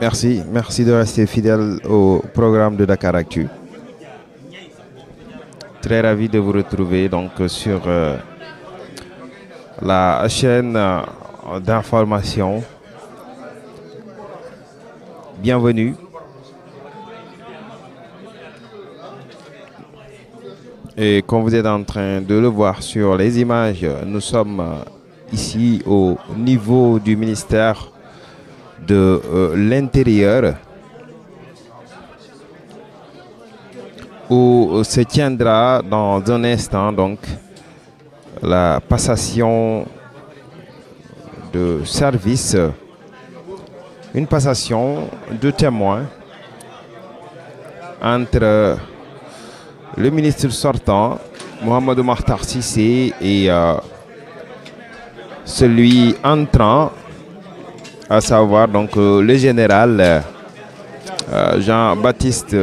Merci, merci de rester fidèle au programme de Dakar Actu. Très ravi de vous retrouver donc sur euh, la chaîne euh, d'information. Bienvenue. Et comme vous êtes en train de le voir sur les images, nous sommes euh, ici au niveau du ministère de euh, l'intérieur où euh, se tiendra dans un instant donc la passation de service, une passation de témoins entre le ministre sortant, Mohamed Mahtar Sissé, et euh, celui entrant, à savoir donc euh, le général euh, euh, Jean-Baptiste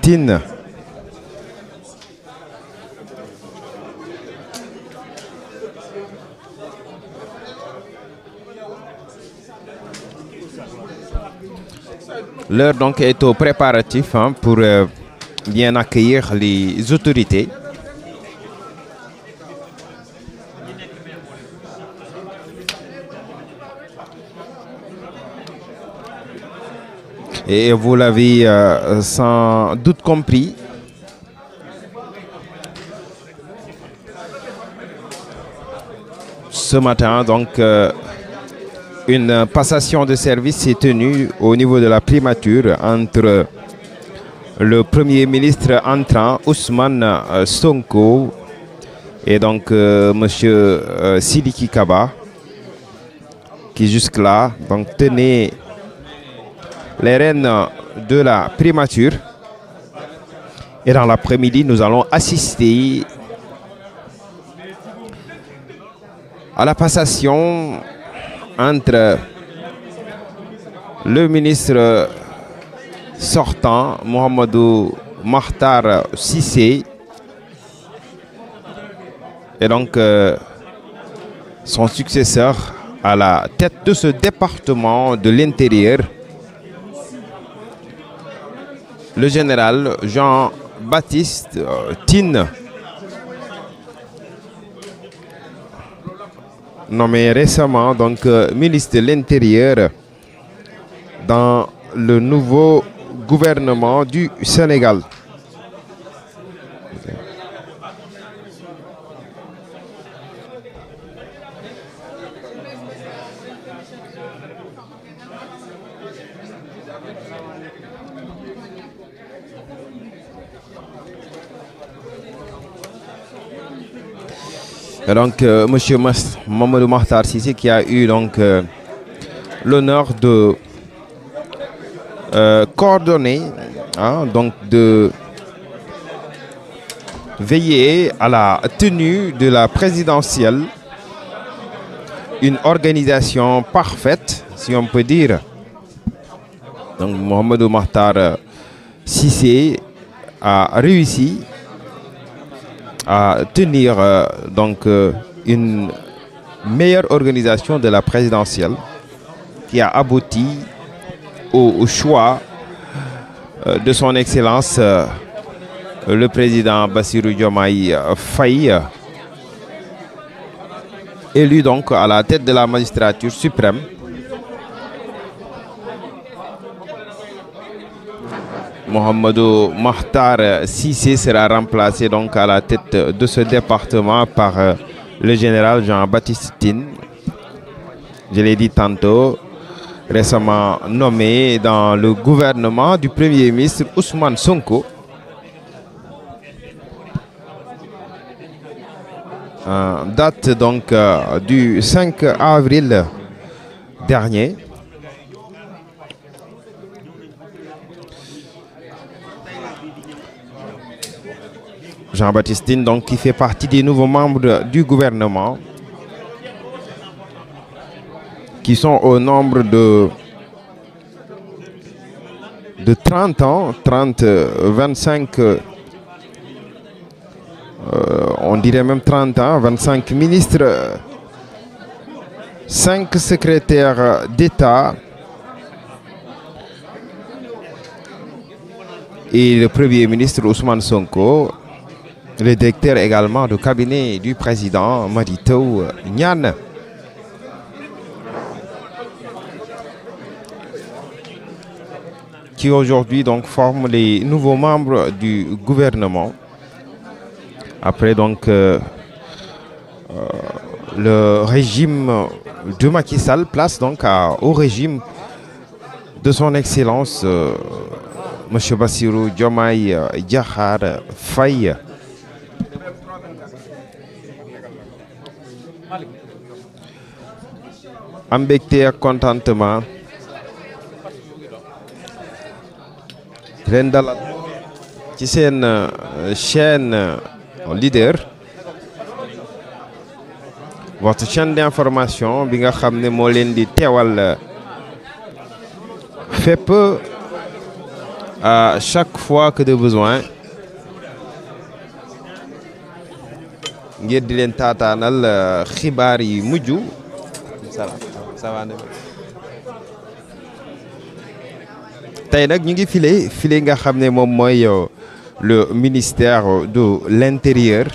Tine. L'heure donc est au préparatif hein, pour bien accueillir les autorités Et vous l'avez euh, sans doute compris. Ce matin, donc, euh, une passation de service s'est tenue au niveau de la primature entre le Premier ministre entrant, Ousmane euh, Sonko, et donc Monsieur M. Sidiki Kaba, qui jusque-là tenait les reines de la primature. Et dans l'après-midi, nous allons assister à la passation entre le ministre sortant, Mohamedou Mahtar Sissé, et donc euh, son successeur à la tête de ce département de l'intérieur, le général Jean-Baptiste euh, Tine, nommé récemment donc euh, ministre de l'Intérieur dans le nouveau gouvernement du Sénégal. donc M. Euh, monsieur Mamadou Mahtar qui a eu donc euh, l'honneur de euh, coordonner, hein, donc de veiller à la tenue de la présidentielle, une organisation parfaite, si on peut dire. Donc Mohamedou Mahtar Sissé a réussi à tenir euh, donc euh, une meilleure organisation de la présidentielle qui a abouti au, choix euh, de son Excellence le président Bassirou Diomaye Faye, élu donc à la tête de la magistrature suprême Mohamedou Mahtar Sissé sera remplacé donc à la tête de ce département par euh, le général Jean-Baptiste Tine. Je l'ai dit tantôt, récemment nommé dans le gouvernement du Premier ministre Ousmane Sonko. date donc euh, du 5 avril dernier. Jean-Baptiste donc, qui fait partie des nouveaux membres du gouvernement, qui sont au nombre de, 30 ans, 30, 25, euh, euh, euh, on dirait même 30 ans, 25 ministres, 5 secrétaires d'État, et le Premier ministre Ousmane Sonko le directeur également du cabinet du président Marito Nyan. qui aujourd'hui donc forme les nouveaux membres du gouvernement. Après donc euh, euh, le régime de Macky Sall place donc au régime de son excellence euh, monsieur M. Bassirou Diomaye Diakhar Faye. am contentement Rendal, qui ci une euh, chaîne euh, leader votre chaîne d'information bi nga xam ne moo leen di peu à chaque fois que de besoin ngir di leen taataanal euh, xibaar yi de salaam va tey ñu ngi file filé nga xamné mom moy euh, le ministère euh, de l'intérieur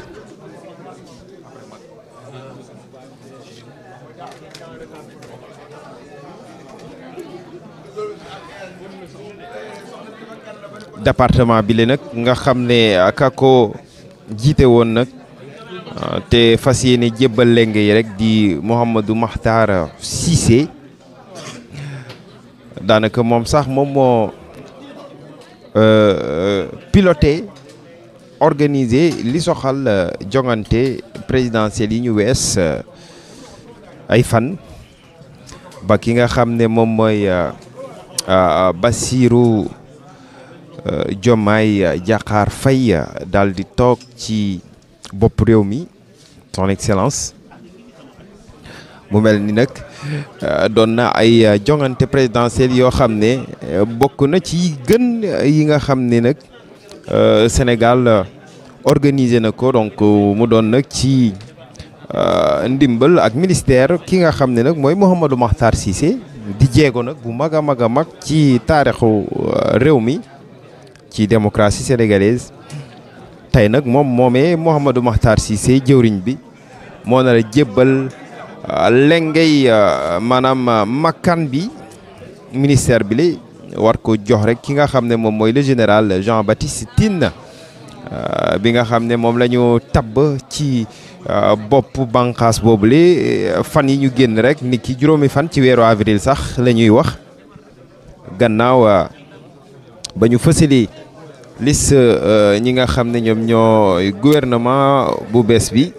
département bi lé nak nga xamné kako jiite te fas yéene jébbal yi rek di Mouhamadou Makhtar Cissé danaka mom sax mo euh, euh piloter organiser li soxal djonganté euh, présidentiel yi ñu wess euh, ay fan ba ki nga xamné mom moy basirou Bassirou Diomaye Diakhar Faye dal di tok ci. bopp son excellence Moumel Ninek, Dona nag euh, doon ay euh, jongante présidentielle yoo xam ne euh, ci Sénégal organisé na ko donc mu doon nag ci ministère ki nga xam moi Mohamed mooy Mouhamadou Makhtar Cissé di jéego bu a démocratie sénégalaise tey nag moom moomee Mouhamadou Makhtar Cissé jëwriñ bi moo nar a jébbal euh, lengay euh, maanaam euh, makkan bi ministère bi li war ko jox rek ki nga xam ne moom mooy le général Jean Baptiste Tine bi nga xam ne moom la ñu tabb ci bopp boobu li fan yi ñu génn rek nit ki juróomi fan ci weeru avril sax lañuy wax gannaaw ba ñu fësali liste euh, ñi nga xamné ñom gouvernement bu bess bi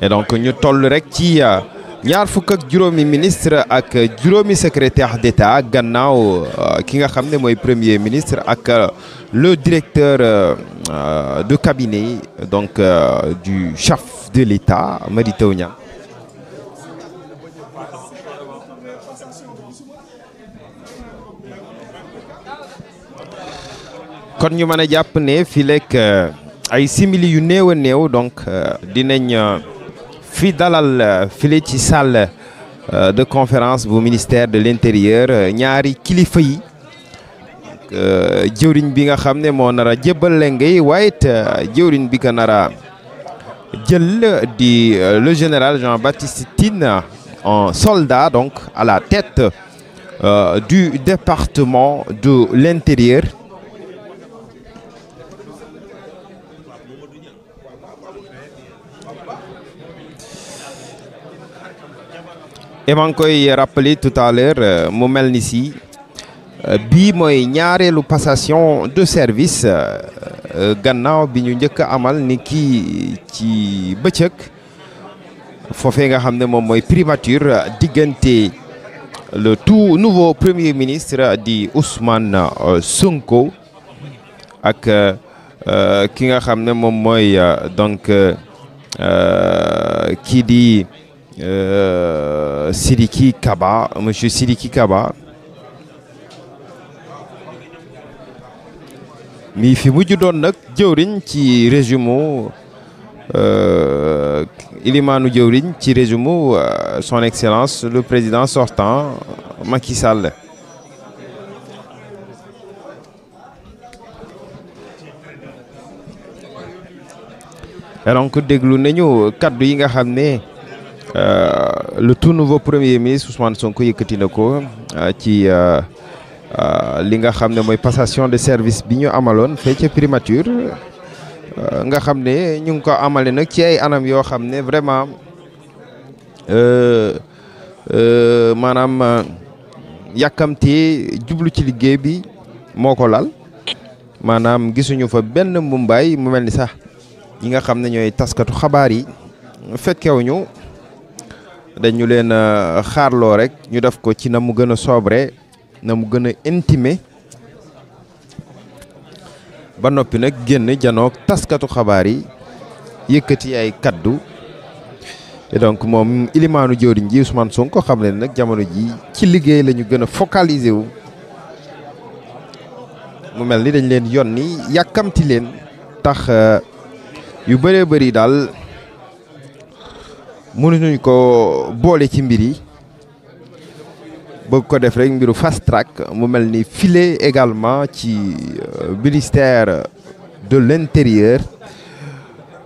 et donc ñu toll rek ci euh, ñaar fukk ak juróomi ministre ak juróomi secrétaire d'État gannaaw euh, ki nga xamné moy premier ministre ak le directeur de cabinet donc du chef de l'État Mary kon ñu mëna japp né ne lek lekk euh, ay simili yu néew a donc euh, dinañ euh, fi dalal file ci salle de conférence bu ministère de l'intérieur ñaari kilifa yi jeurign bi nga xamné mo nara nar a jébbal lengay bi ko nar jël di le général Jean-Baptiste Tine en soldat donc à la tête du département de l'intérieur et maa rappelé koy tout à l'heure euh, mu mel ni si euh, Bi moy ñaarelu passation de service euh, gannaaw bi ñu amal ni ki ci bëcëk fofé nga xamné mom moy le tout nouveau premier ministre di Ousmane Sonko ak ki nga xamné mom moy donc donc qui dit. Siriki euh, Siliki Kaba, Monsieur Siliki Kaba mi fi mujj doon donne jëwriñ ci résumé euh, ilimaanu jëwriñ ci résumé euh, son excellence le président sortant Macky Sall donc déglu nañu kaddu yi nga xam Euh, le tout nouveau premier ministre Ousmane Sonko yëkkati na ko euh, ci euh, li nga xam ne mooy passation de service bi ñu amaloon fee ca primature nga xam ne ñu ngi ko amale nag ci ay anam yoo xam ne vraiment maanaam yàkkamti jublu ci liggéey bi moo ko lal maanaam gisuñu fa benn mumbaay mu mel ni sax ñi nga xam ne ñooy taskatu xabaar yi fekkewuñu dañu leen euh, xaarloo rek ñu def ko ci na mu gën a sobre na mu gën a intime ba noppi nag génn janook taskatu xabaar yi yëkkati ay kaddu donc moom ilimaanu jëwriñ ji Ousmane Sonko xam leen nag jamono ji ci liggéey lañu ñu gën a focaliser wu mu mel ni dañ leen ni yàkkamti leen tax euh, yu bëree bëri daal mënuñu ko boole ci mbir yi bëgg ko def rek mbiru fast track mu mel ni file également ci euh, ministère de l'intérieur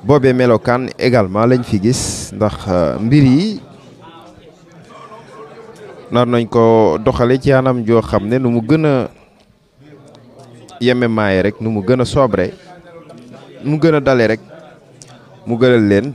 boobee melokaan également lañ fi gis ndax euh, mbir yi nar nañ ko doxale ci anam joo xam ne nu mu gën a yememaay rek nu mu gën a sobre nu mu gën a dale rek mu gënal leen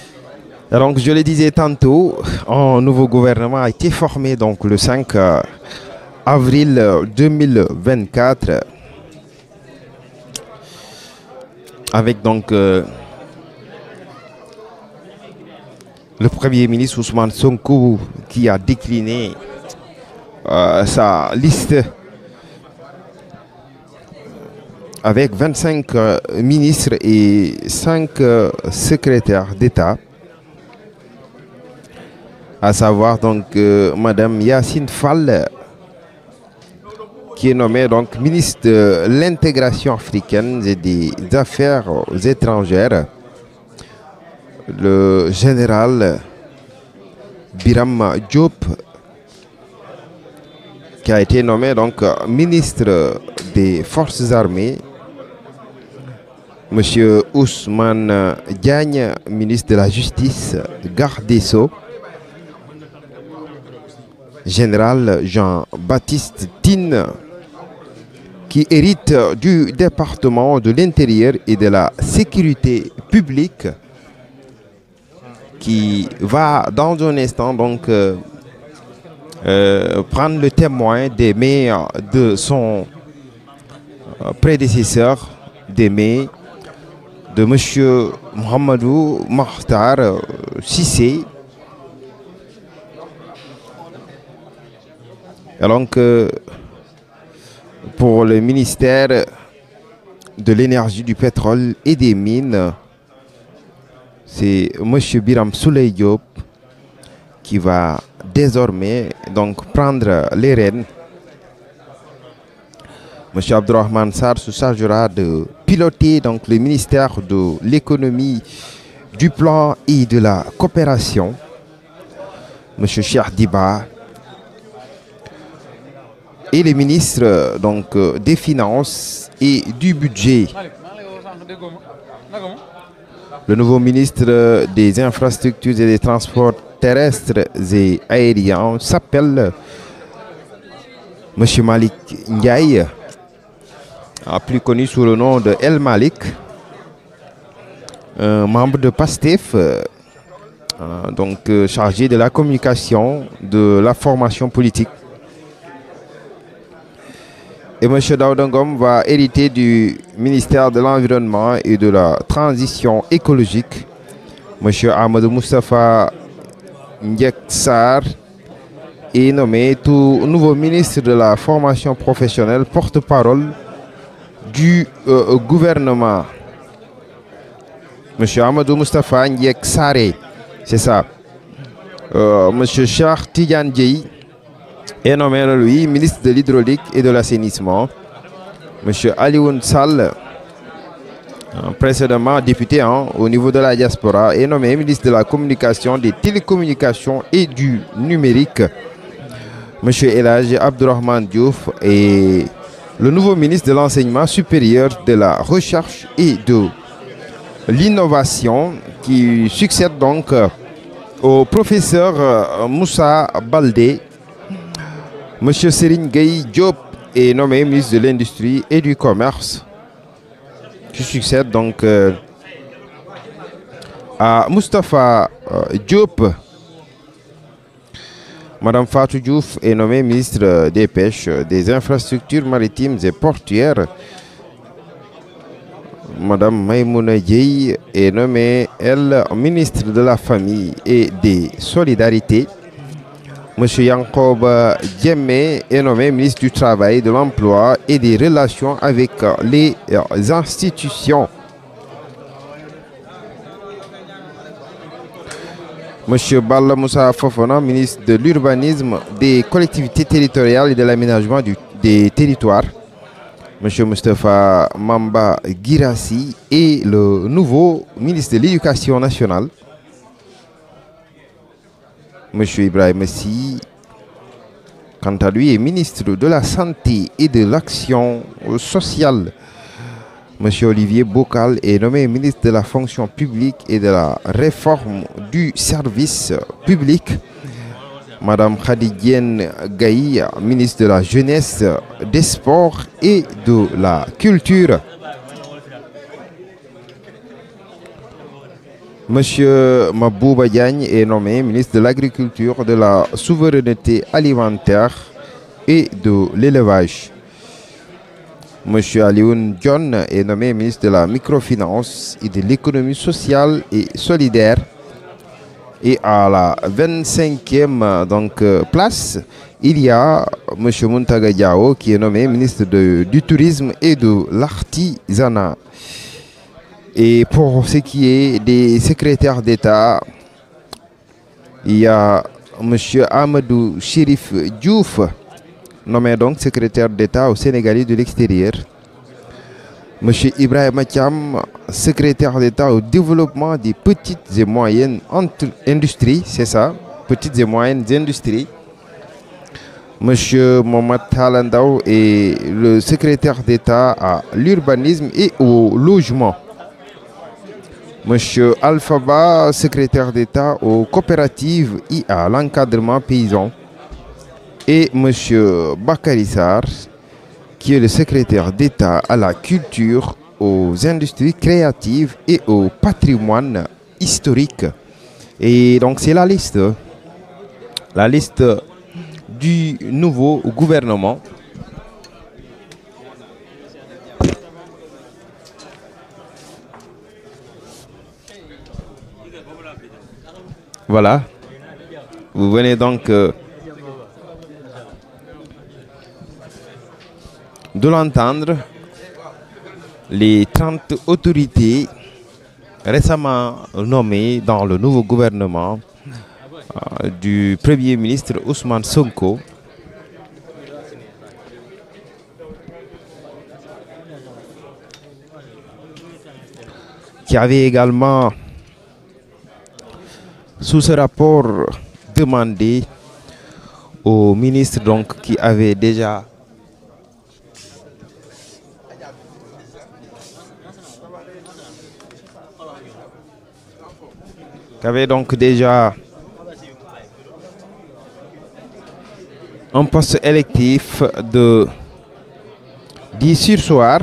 Donc, je le disais tantôt, un nouveau gouvernement a été formé donc, le 5 euh, avril 2024 euh, avec donc euh, le Premier ministre Ousmane Sonko qui a décliné sa liste avec 25 ministres et 5 secrétaires d'État à savoir donc euh, Madame Yacine Fall, qui est nommée donc ministre de l'intégration africaine et des affaires étrangères. Le général Biram Diop, qui a été nommé donc ministre des Forces armées. Monsieur Ousmane Diagne, ministre de la Justice, garde des général Jean-Baptiste Tine, qui hérite du département de l'intérieur et de la sécurité publique, qui va dans un instant donc euh, euh, prendre le témoin des maires de son euh, prédécesseur d'aimer de M. Mohamedou Mahtar Sissé, Alors que euh, pour le ministère de l'énergie, du pétrole et des mines, c'est M. Biram Souleyop qui va désormais donc prendre les rênes. M. Abdurrahman Sar se chargera de piloter donc le ministère de l'économie, du plan et de la coopération. M. Cheikh Diba et les ministres donc, euh, des Finances et du Budget. Le nouveau ministre des Infrastructures et des Transports terrestres et aériens s'appelle M. Malik Ndiaye, plus connu sous le nom de El Malik, un membre de PASTEF, euh, donc euh, chargé de la communication, de la formation politique et M. Daoudangom va hériter du ministère de l'Environnement et de la Transition écologique. M. Ahmed Moustapha Ndiaksar est nommé tout nouveau ministre de la Formation professionnelle, porte-parole du euh, euh, gouvernement. M. Amadou Moustapha Ndiak-Sar, c'est ça. Euh, M. Charles et nommé lui ministre de l'hydraulique et de l'assainissement. M. Alioun Sall, hein, précédemment député hein, au niveau de la diaspora, et nommé ministre de la communication, des télécommunications et du numérique. M. Elage Abdurrahman Diouf et le nouveau ministre de l'enseignement supérieur, de la recherche et de l'innovation qui succède donc au professeur euh, Moussa Baldé Monsieur Sérine Gaye Diop est nommé ministre de l'Industrie et du Commerce, qui succède donc euh, à Mustapha euh, Diop. Madame Fatou Diouf est nommée ministre des Pêches, des Infrastructures Maritimes et Portuaires. Madame Maïmouna Dieye est nommée, elle, ministre de la Famille et des Solidarités. M. Yankob Djemme est nommé ministre du Travail, de l'Emploi et des Relations avec les euh, institutions. M. Balla Moussa ministre de l'Urbanisme, des Collectivités Territoriales et de l'Aménagement des Territoires. M. Mustafa Mamba Girassi est le nouveau ministre de l'Éducation nationale. M. Ibrahim Si, quant à lui, est ministre de la Santé et de l'Action sociale. M. Olivier Bocal est nommé ministre de la Fonction publique et de la Réforme du Service public. Madame Khadidienne Gaï, ministre de la Jeunesse, des Sports et de la Culture. Monsieur Mabou Diagne est nommé ministre de l'Agriculture, de la Souveraineté Alimentaire et de l'Élevage. Monsieur Alioun John est nommé ministre de la Microfinance et de l'Économie sociale et solidaire. Et à la 25e donc, place, il y a Monsieur Muntaga qui est nommé ministre du Tourisme et de l'Artisanat. Et pour ce qui est des secrétaires d'État, il y a M. Amadou Chérif Diouf, nommé donc secrétaire d'État au Sénégalais de l'extérieur. M. Ibrahim Akiam, secrétaire d'État au développement des petites et moyennes industries, c'est ça, petites et moyennes industries. M. Mohamed Talandaou est le secrétaire d'État à l'urbanisme et au logement. Monsieur Alphaba, secrétaire d'État aux coopératives à l'encadrement paysan, et Monsieur Bakarissar, qui est le secrétaire d'État à la culture, aux industries créatives et au patrimoine historique. Et donc c'est la liste, la liste du nouveau gouvernement Voilà. Vous venez donc euh, de l'entendre. Les 30 autorités récemment nommées dans le nouveau gouvernement euh, du Premier ministre Ousmane Sonko qui avait également sous ce rapport demandé au ministre donc, qui avait déjà avait donc déjà un poste électif de 10 sur soir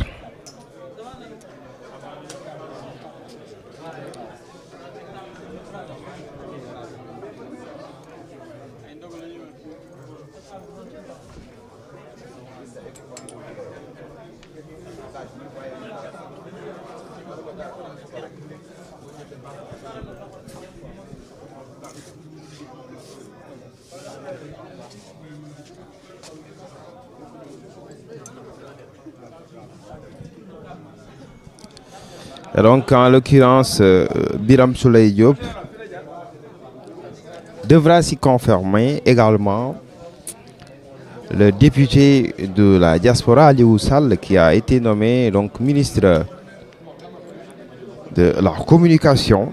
donc, en l'occurrence, Biram Souley Diop devra s'y confirmer également le député de la diaspora Ali Oussal qui a été nommé donc ministre de la communication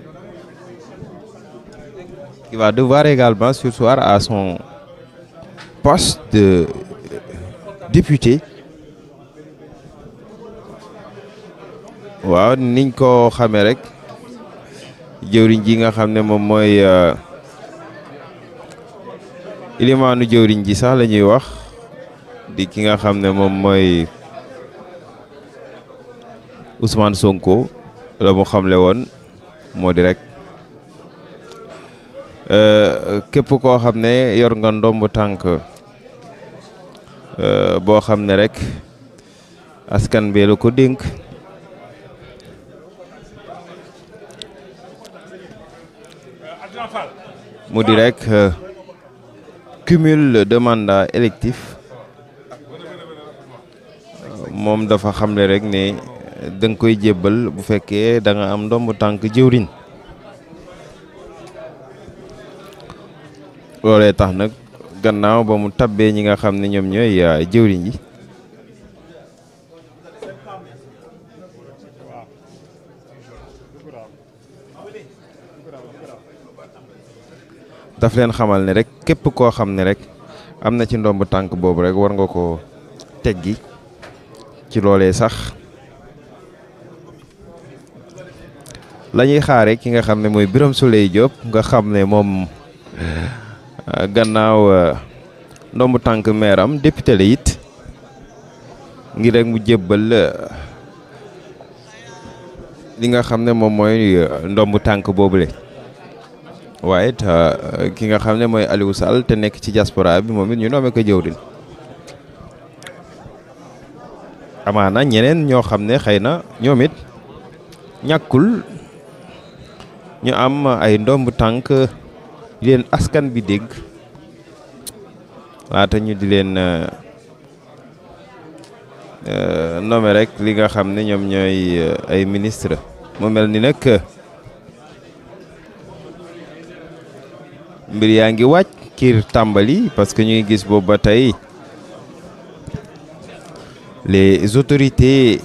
qui va devoir également ce soir à son poste de député waaw niñ koo xamee rek jëwriñ ji nga xam ne moom mooy euh, ilimaanu jëwriñ ji sax lañuy wax di ki nga xam ne moom mooy Ousmane Sonko la mu xamle woon moo di rek euh, képp koo xam ne yor nga ndomb tànk euh, boo xam ne rek askan bi la ko dénk mu di rek euh, cumul de mandat électif moom dafa xamle rek ne euh, danga koy jébbal bu fekkee da nga am ndomb tànk jëwriñ loolee tax nag gannaaw ba mu tabbee ñi nga xam ne ñoom ñooy euh, jëwriñ yi daf leen xamal ne rek képp koo xam ne rek am na ci ndomb tànk boobu rek war nga ko teggi ci loolee sax la ñuy xaare ki nga xam ne mooy Birame Souleye Diop nga xam ne moom euh, gannaaw euh, ndomb tànk maire am député la it ngir rek mu jébbal euh, li nga xam ne moom mooy ndomb tànk boobu le waaye it euh, euh, ki nga xam ne mooy Aliou Sall te nekk ci diaspora bi moom it ñu noome ko jëwriñ amaana ñeneen ñoo xam ne xëy na ñoom it ñàkkul ñu am ay ndomb tànk di leen askan bi dégg laata ñu di leen euh, noome rek li nga xam ne ñoom ñooy ay ministre mu mel ni nag mbir yaa ngi Kir Tambali, parce que ñuy gis boobu ba les autorités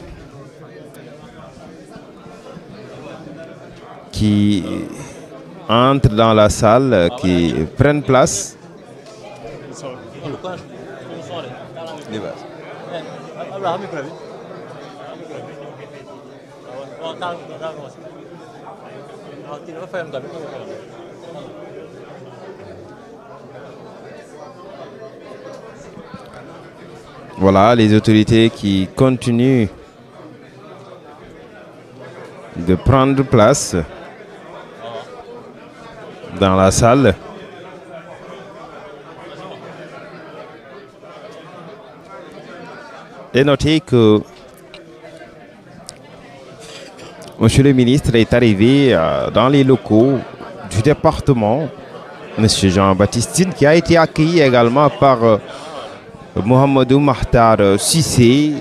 qui entrent dans la salle, qui prennent place. voilà, les autorités qui continuent de prendre place dans la salle. Et notez que Monsieur le ministre est arrivé euh, dans les locaux du département, Monsieur Jean-Baptistine, qui a été accueilli également par euh, Mohamedou Mahtar Sissé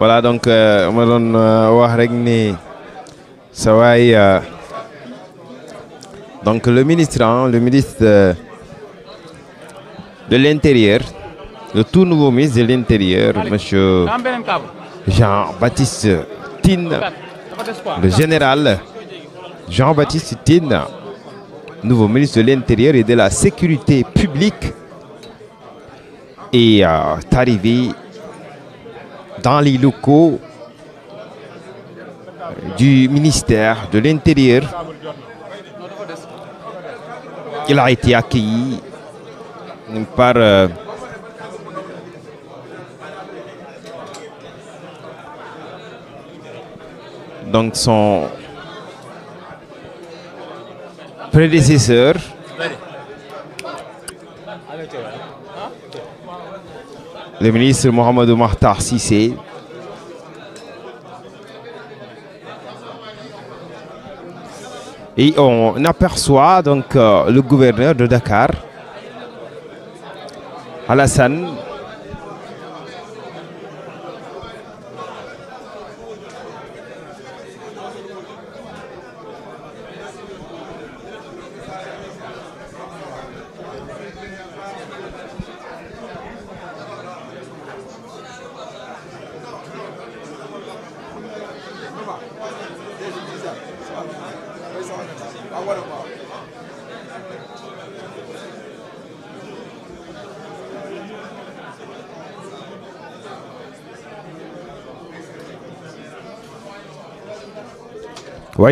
voilà donc euh, ma euh, euh, donc le ministre hein, le ministre de, l'intérieur le tout nouveau ministre de l'intérieur monsieur Jean-Baptiste Tin, le général Jean-Baptiste Tin, nouveau ministre de l'intérieur et de la sécurité publique est euh, arrivé dans les locaux euh, du ministère de l'Intérieur. Il a été accueilli euh, par euh, donc son prédécesseur le ministre Mohamed si Sissé. Et on aperçoit donc euh, le gouverneur de Dakar, Alassane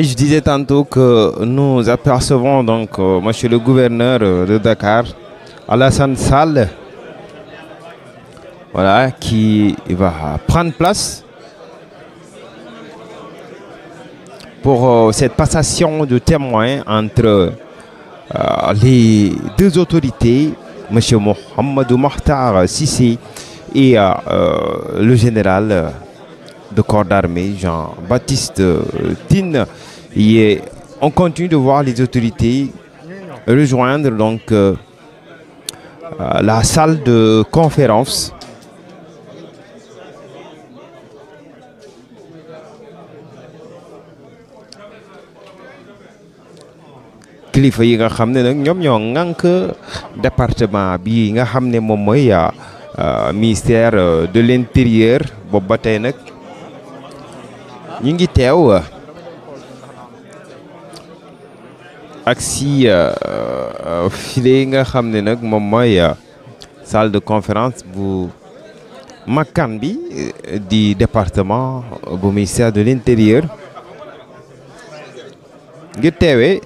je disais tantôt que nous apercevons donc euh, M. le gouverneur euh, de Dakar, Alassane Sall, voilà, qui va prendre place pour euh, cette passation de témoins entre les deux autorités, Monsieur Mohamedou Mohtar Sissi et le général de corps d'armée, Jean-Baptiste euh, Tin. Et on continue de voir les autorités rejoindre donc euh, euh, la salle de conférence. kilifa yi nga xam ne nag ñoo ŋànk département bi nga xam ne moom mooy ministère de l'intérieur boobu ba tey ñu ngi teew euh, ak si euh, euh, nga nag salle de conférence bu makkaan du département du ministère de l'intérieur ngir teewee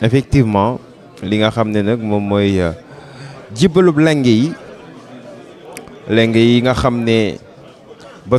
effectivement li nga xam ne nag moom mooy jibbalub yi nga ba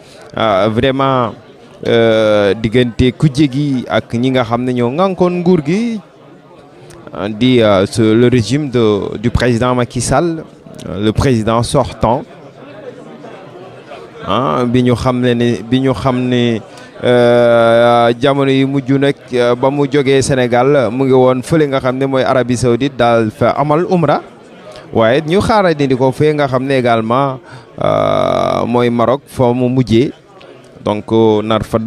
Ah, vraiment euh, kujje kujegi ak ñi nga xam ñoo euh, euh, le régime de du président Macky Sall euh, le président sortant hein hamne ñu xam ne ne jamono yi mujj nak ba mu joggé Sénégal mu ngi won feulé nga xamné moy Arabie Saoudite dal fa amal umra waye ñu xaarandi di ko galma nga xamné également euh moy Maroc fa mu mujjé donc euh, nar fa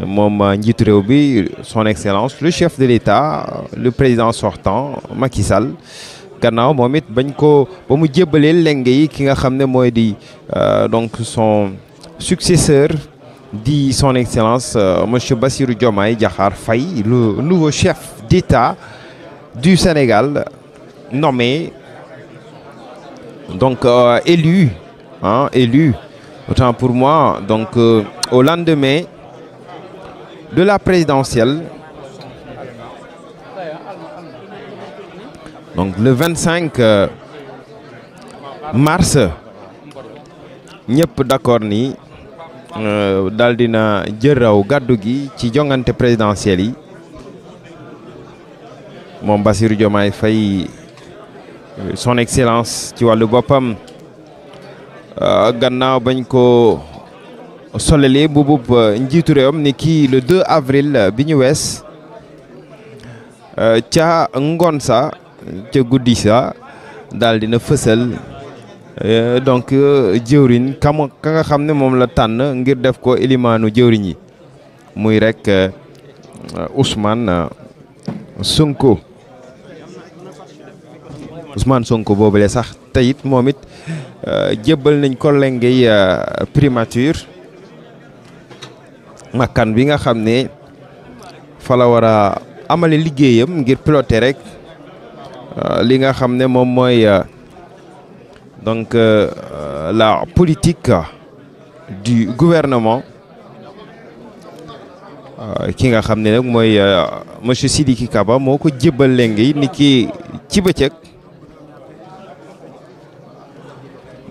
euh, son excellence le chef de l'État le président sortant Macky Sall gannaaw Mohamed Benko, ko ba mu euh, donc son successeur dit son excellence monsieur Bassirou Diomaye Diakhar Faye le nouveau chef d'État du Sénégal nommé donc élu hein, élu Autant pour moi, donc euh, au lendemain de la présidentielle, donc le 25 euh, mars, ñëpp d'accord ni euh, daal dina jëraw gàddu gi ci présidentielle mon moom Bassirou Diomaye son excellence ci wàllu boppam Ah, gannaaw bañ ko solele bubub njiitu réewam ni le 2 avril bi ñu wees ah, ca ngon sa ca guddi sa daal dina fësal eh, donc eh, jëwriñ kam ka nga xam ne la tànn ngir def ko ilimaanu jëwriñ muy rek eh, Ousmane Sonko Ousmane Sonko boobule sax te momit Eh, jébbal nañ ko ya primature makan bi nga xamné fa la wara amalé amale liggéeyam ngir piloter rek eh, li nga xamné mom moy eh, donc la politique du gouvernement ki nga xamné nak moy monsieur Sidiki Kaba moko ko lengé ni ki ci bëccëg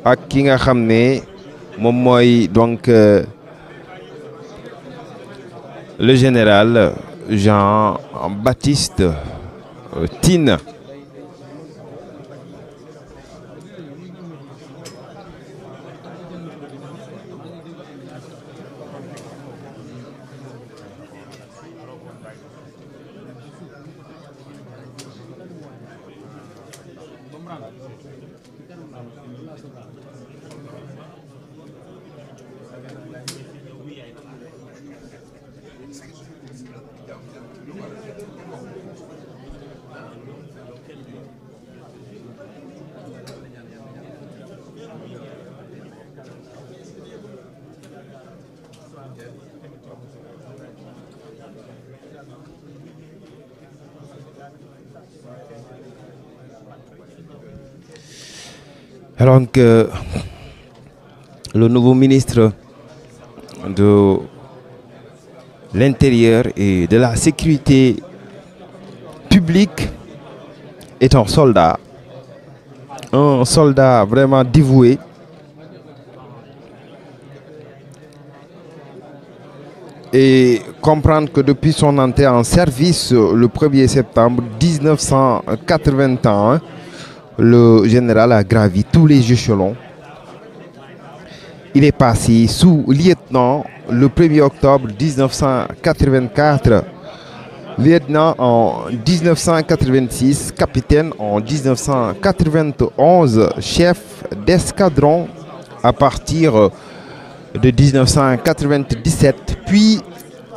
ak ki nga xamné mom donc euh, le général Jean-Baptiste euh, Tine Alors que le nouveau ministre de l'Intérieur et de la Sécurité publique est un soldat, un soldat vraiment dévoué. Et comprendre que depuis son entrée en service le 1er septembre 1981, le général a gravi tous les échelons. Il est passé sous lieutenant le 1er octobre 1984, lieutenant en 1986, capitaine en 1991, chef d'escadron à partir de 1997, puis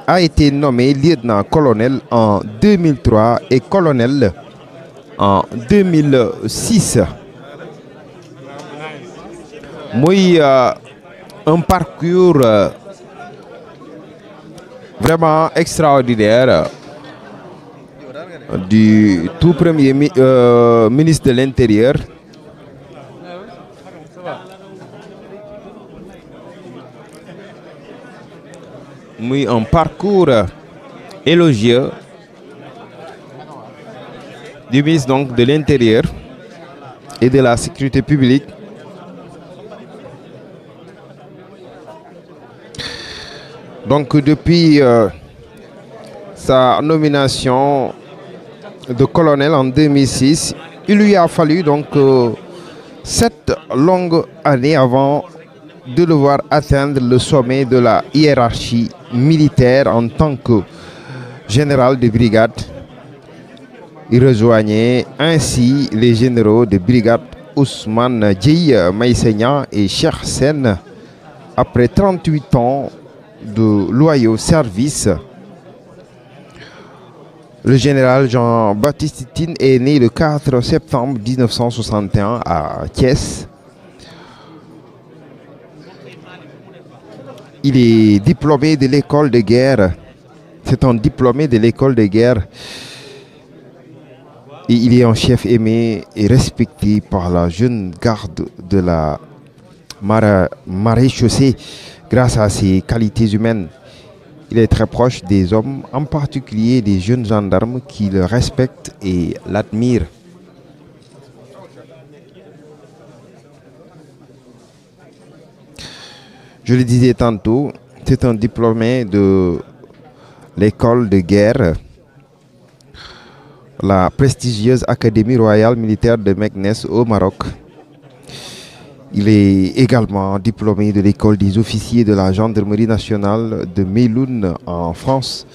a été nommé lieutenant-colonel en 2003 et colonel en 2006. Euh, euh, euh, muy un parcours vraiment extraordinaire du tout premier ministre de l'Intérieur Oui, un parcours élogieux du ministre de l'Intérieur et de la Sécurité publique. Donc depuis euh, sa nomination de colonel en 2006, il lui a fallu donc euh, sept longues années avant de devoir atteindre le sommet de la hiérarchie militaire en tant que général de brigade il rejoignait ainsi les généraux de brigade Ousmane Djei Maïsegna et Cheikh Sen après 38 ans de loyaux services. Le général Jean-Baptiste Tine est né le 4 septembre 1961 à Thiès. Il est diplômé de l'école de guerre. C'est un diplômé de l'école de guerre et il est un chef aimé et respecté par la jeune garde de la marée maréchaussée grâce à ses qualités humaines. Il est très proche des hommes, en particulier des jeunes gendarmes qui le respectent et l'admirent. Je le disais tantôt, c'est un diplômé de l'école de guerre la prestigieuse Académie royale militaire de Meknes au Maroc. Il est également diplômé de l'école des officiers de la gendarmerie nationale de Méloun en France.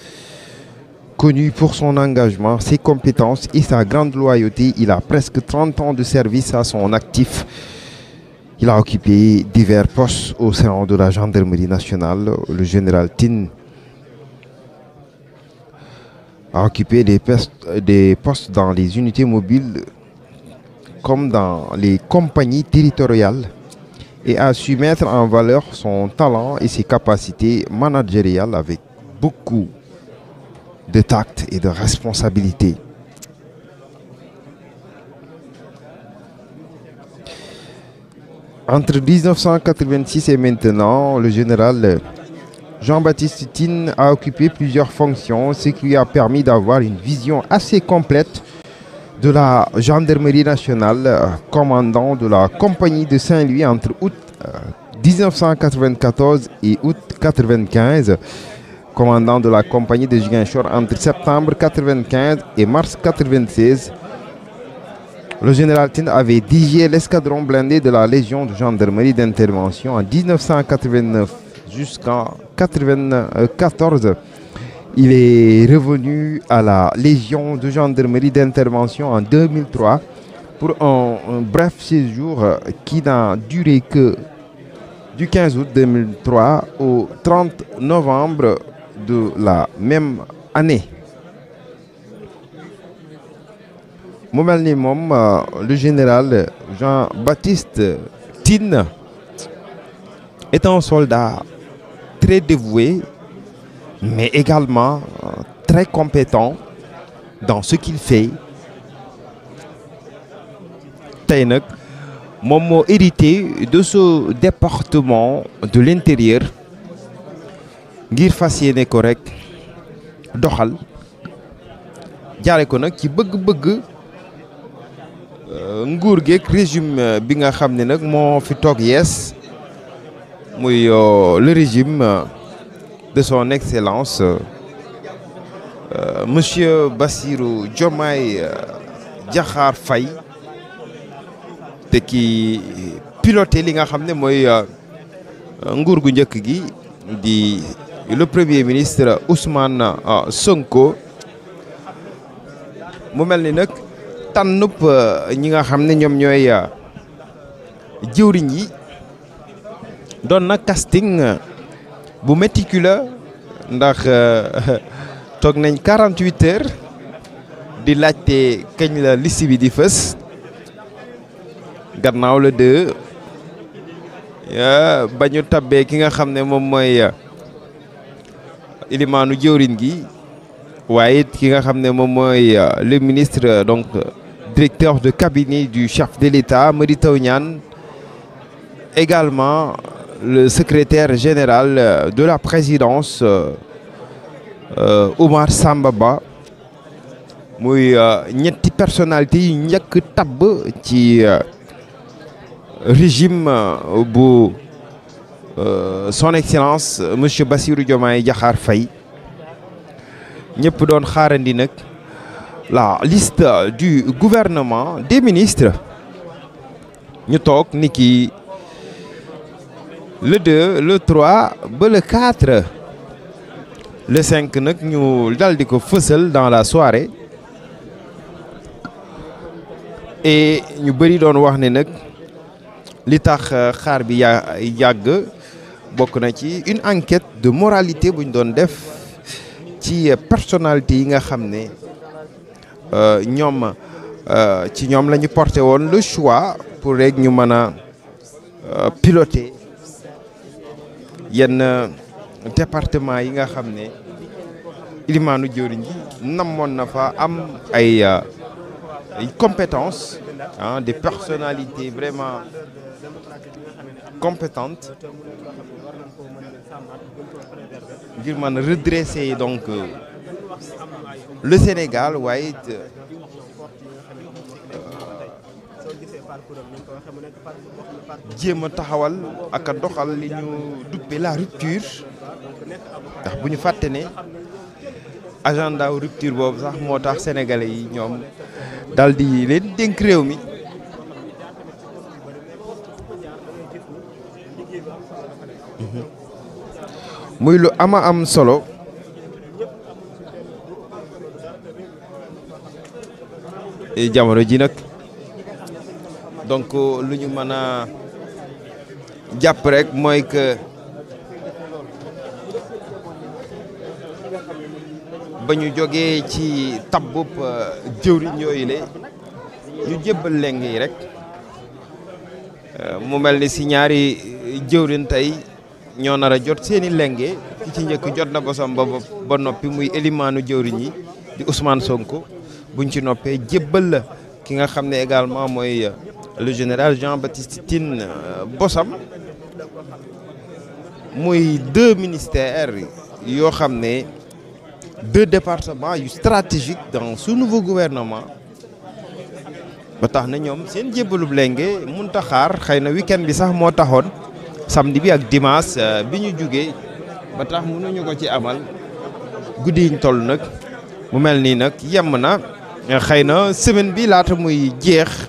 Connu pour son engagement, ses compétences et sa grande loyauté, il a presque 30 ans de service à son actif. Il a occupé divers postes au sein de la gendarmerie nationale. Le général Tin à occuper des, des postes dans les unités mobiles comme dans les compagnies territoriales et a su mettre en valeur son talent et ses capacités managériales avec beaucoup de tact et de responsabilité. Entre 1986 et maintenant, le général Jean-Baptiste Tine a occupé plusieurs fonctions, ce qui lui a permis d'avoir une vision assez complète de la gendarmerie nationale, euh, commandant de la compagnie de Saint-Louis entre août 1994 euh, et août 1995, commandant de la compagnie de Giganchore entre septembre 1995 et mars 1996. Le général Tin avait dirigé l'escadron blindé de la Légion de gendarmerie d'intervention en 1989 jusqu'à. 1994. Il est revenu à la Légion de gendarmerie d'intervention en 2003 pour un, bref séjour qui n'a duré que du 15 août 2003 au 30 novembre de la même année. Momalnimum, euh, le général Jean-Baptiste tin est un soldat très dévoué, mais également euh, très compétent dans ce qu'il fait Tainuk, Momo hérité de ce département de l'intérieur ngir et yéene ko rek qui bug. ko nag ci bëgg-bëgg euh, nguur geeg régime euh, bi nga Moy oh, le régime euh, de son excellence euh, euh, monsieur Bassirou Diomaye Diakhar Faye qui qui piloté li nga xam le premier ministre Ousmane Sonko mu melni nak tanup ñi nga doon na casting uh, bu méticuleux ndax uh, tok nañ 48 heures di laajte kañ la liste bi di fës gannaaw la de ya uh, bañu tabé ki nga xamné mom moy Ilimanu ilimaanu gi waye ki nga xamné mom moy le ministre donc directeur de cabinet du chef de l'État Mary également le secrétaire général euh, de la présidence euh, euh, Omar Sambaba a une personnalité a njëkk table le régime bu son excellence monsieur Bassirou Diomaye Diakhar Faye doon xaarandi la liste du gouvernement des ministres nous le 2 le 3 le 4 le 5 nous avons dal di dans la soirée et nous avons doon euh, une enquête de moralité pour nous doon def ci personnalité yi nga euh ñom euh, ci le choix pour rek euh, piloter yenn euh, département yi nga département qui a des na fa am euh, compétences hein, des personnalités vraiment compétentes il redresser donc euh, le Sénégal jéem a taxawal ak a doxal li ñu duppe la rupture ndax bu ñu fàtte ne agenda wu rupture boobu sax moo tax sénégalais yi ñoom daldi di leen dénk réew mi. Mhm. muy lu ama am solo. Eh, jamono ji nag. donc euh, lu ñu mën a jàpp rek mooy que ba ñu jógee ci tabbub euh, jëwriñ yooyu le ñu jébbal leng yi rek euh, mu mel ni si ñaari jëwriñ tey ñoo nar a jot seeni lenge ki ci njëkk jot na bosam ba ba noppi muy élimaanu jëwriñ yi di Ousmane Sonko buñ ci noppee jébbal la ki nga xam ne également mooy le général Jean-Baptiste Tin euh, Bossam moy deux ministères yoo xam deux départements yu stratégiques dans ce nouveau gouvernement ba tax na ñom seen jébbalub lenge mun taxaar xëy na weekend bi sax mo taxone samedi bi ak dimanche euh, biñu juggé ba tax mënuñu ko ci amal guddi yiñ toll nak mu melni nak nag na xeyna semaine bi laata muy jeex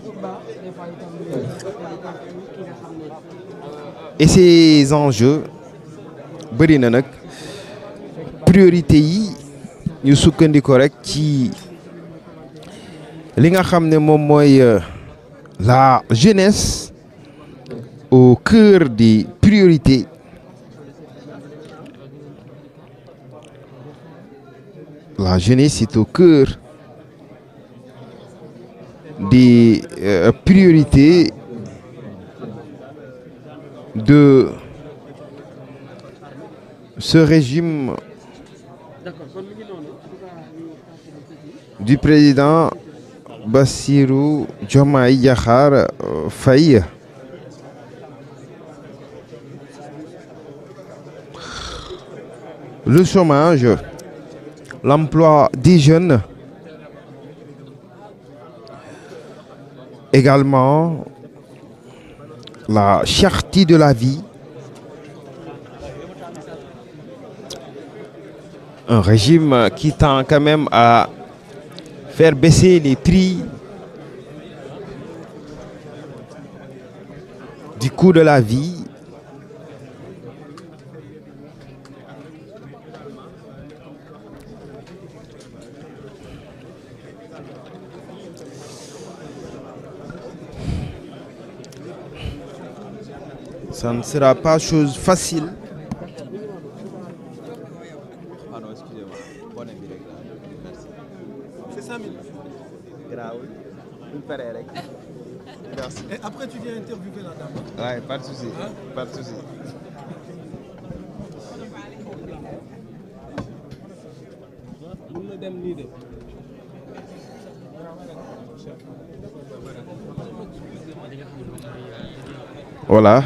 et ces enjeux bari na nak priorité yi ñu sukkandiko rek ci li euh, la jeunesse au cœur des priorités la jeunesse est au cœur des euh, priorités de ce régime du président Bassirou Diomaye Yahar euh, Faye le chômage, l'emploi des jeunes, également la charte de la vie, un régime qui tend quand même à faire baisser les prix du coût de la vie Ça ne sera pas chose facile. Ah non, excusez-moi. Bonne amie. Merci. C'est ça, Mille. Grave. Une paix, Merci. Et après, tu viens interviewer la dame. Ouais, pas de soucis. Hein? Pas de soucis. Voilà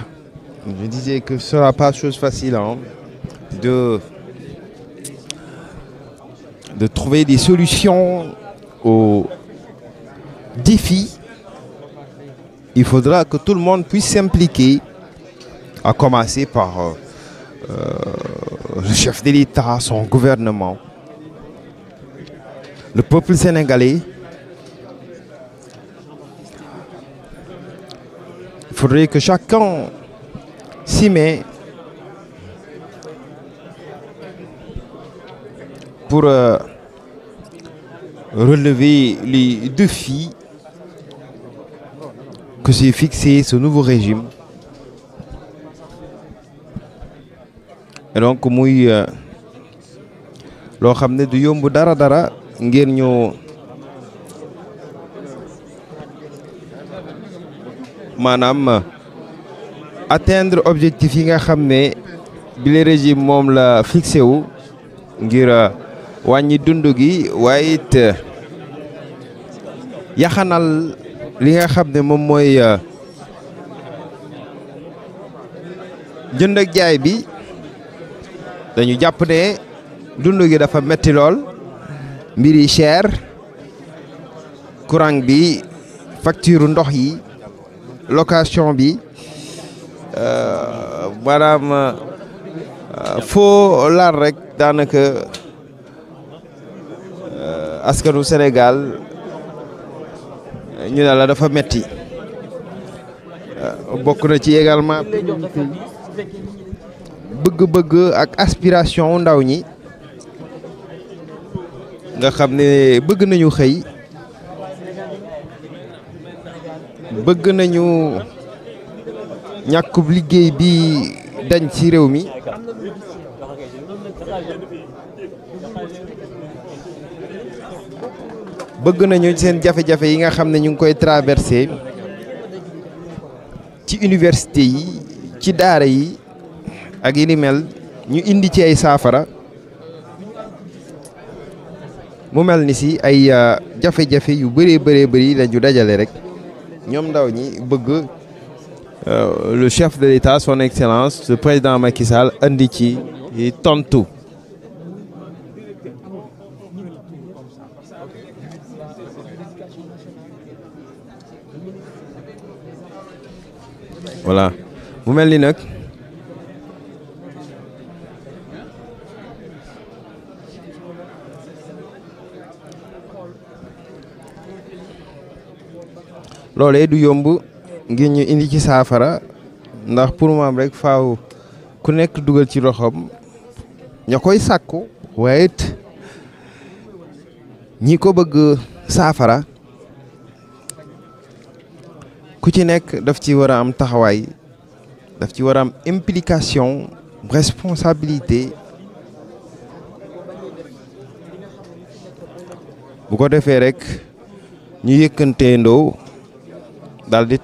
je disais que ce sera pas chose facile hein, de, de trouver des solutions aux défis. Il faudra que tout le monde puisse s'impliquer, à commencer par euh, euh, le chef de l'État, son gouvernement, le peuple sénégalais. Il faudrait que chacun mais pour euh, relever les défis que s'est fixé ce nouveau régime. Et donc comme euh, loo du Yombo dara dara atteindre objectif yi nga xam ne bile régime moom la fixé wu ngir euh, wàññi dund gi waaye euh, yaxanal li nga xam ne moom mooy euh, jënd ak jaay bi dañu jàpp ne dund gi dafa metti lool mbir yi cher courant bi facture ndox yi location bi. Euh, maanaam euh, foo laal rek daanaka euh, askanu Sénégal ñu ne la dafa metti bokk na ci également bëgg-bëgg ak aspiration ndaw ñi nga xam ne bëgg nañu xëy bëgg nañu ñàkku liggéey bi dañ ci réew mi bëgg nañu seen jafe-jafe yi nga xam ne ñu ngi koy traversé ci université yi ci daara yi ak yi ni mel ñu indi ci ay saafara mu mel ni si ay euh, jafe-jafe yu bëree bëree bëri lañu dajale rek ñoom ndaw ñi bëgg Euh, le chef de l'État son excellence le président Macky Sall et et tout voilà Vous m'avez ni lolé du Yombu. ngir ñu indi ci saafara ndax pour mu am rek faaw ku nekk dugal ci loxoom ña koy sàkku waaye it ñi ko bëgg saafara ku ci nekk daf ci war a am taxawaay daf ci war a implication responsabilité bu ko defee rekk ñu yëkkantee ndoo Dal di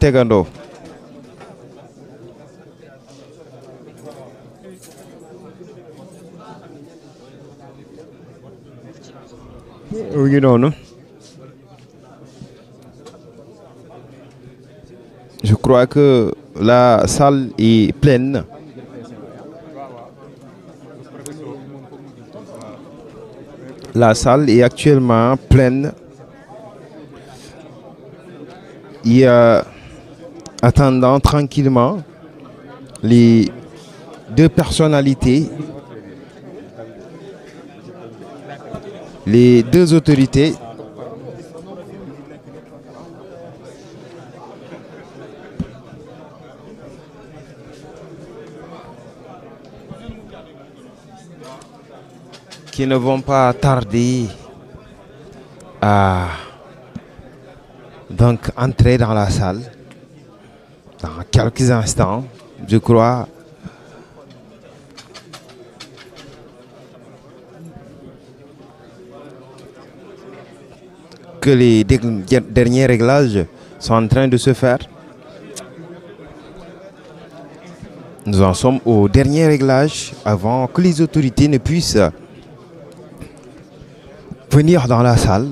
Oui je crois que la salle est pleine la salle est actuellement pleine y attendant tranquillement les deux personnalités, les deux autorités qui ne vont pas tarder à donc, entrer dans la salle, dans quelques instants, je crois. que les derniers réglages sont en train de se faire. Nous en sommes au dernier réglage avant que les autorités ne puissent venir dans la salle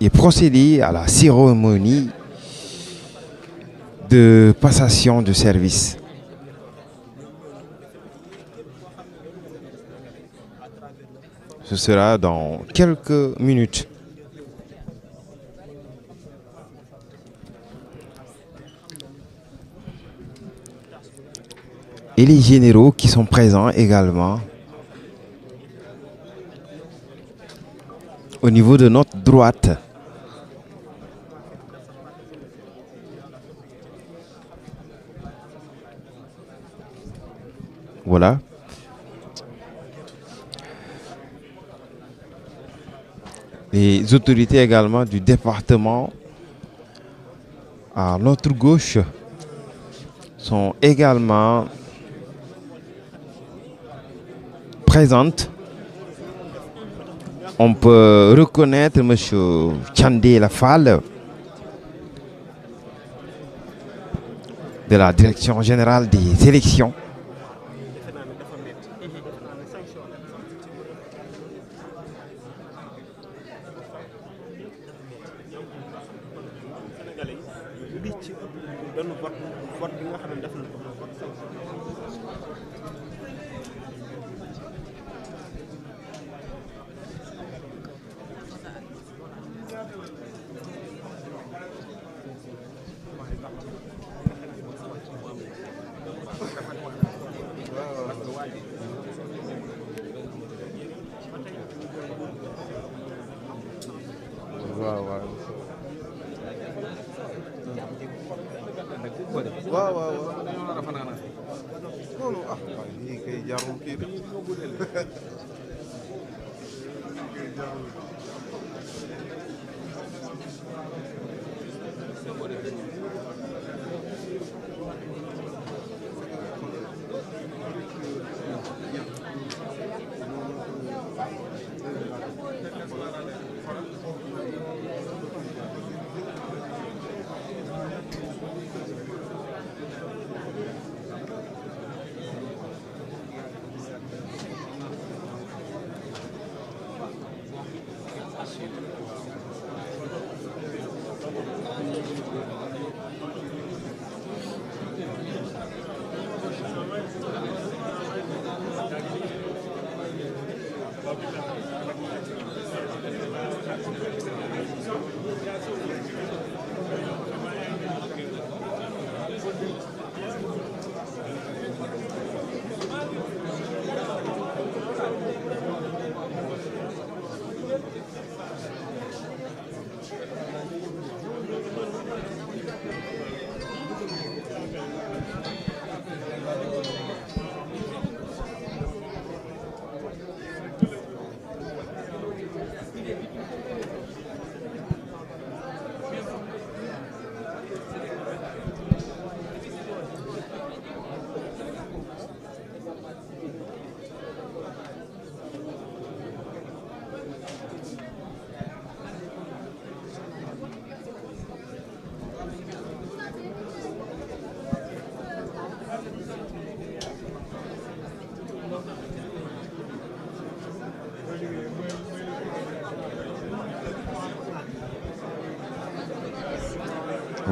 et procéder à la cérémonie de passation de service. Ce sera dans quelques minutes. Et les généraux qui sont présents également au niveau de notre droite. Les autorités également du département à notre gauche sont également présentes. On peut reconnaître M. Chandé Lafal de la Direction Générale des Élections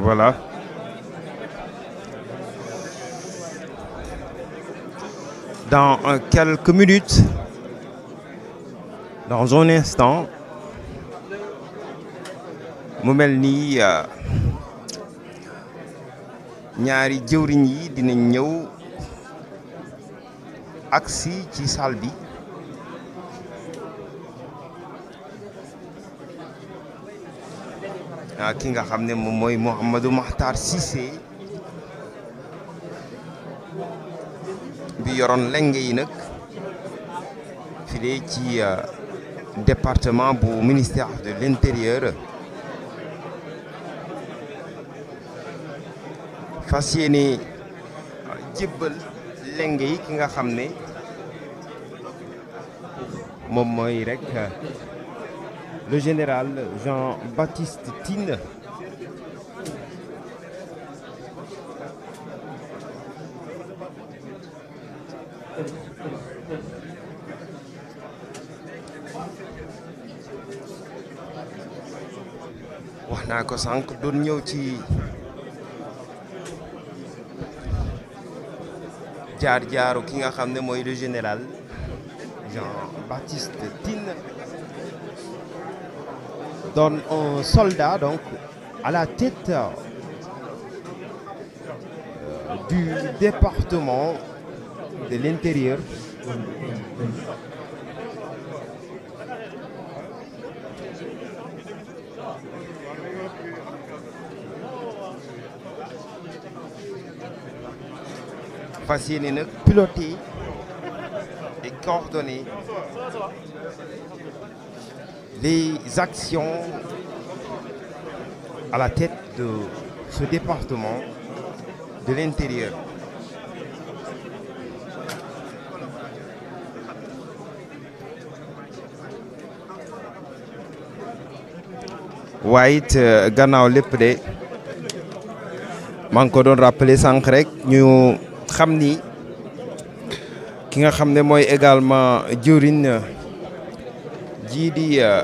voilà. Dans quelques minutes, dans un instant, Moumelni, Nyari euh, ni ñaari Axi yi ki nga xamné mom moy mooy mahtar Cissé bi yoron lenge yi nag fi ci euh, département bu ministère de l'intérieur fas yéene euh, jébbal yi ki nga xamné mon moy rek euh, le général Jean-Baptiste Tine. on a le général Jean-Baptiste Tine donne un soldat donc à la tête euh, du département de l'intérieur. facile piloté et coordonné les actions à la tête de ce département de l'intérieur. white ganao euh, gannaaw lépp de rappeler sans ko nous rappelé qui rek ñu xam également durine euh, Jidi. Euh,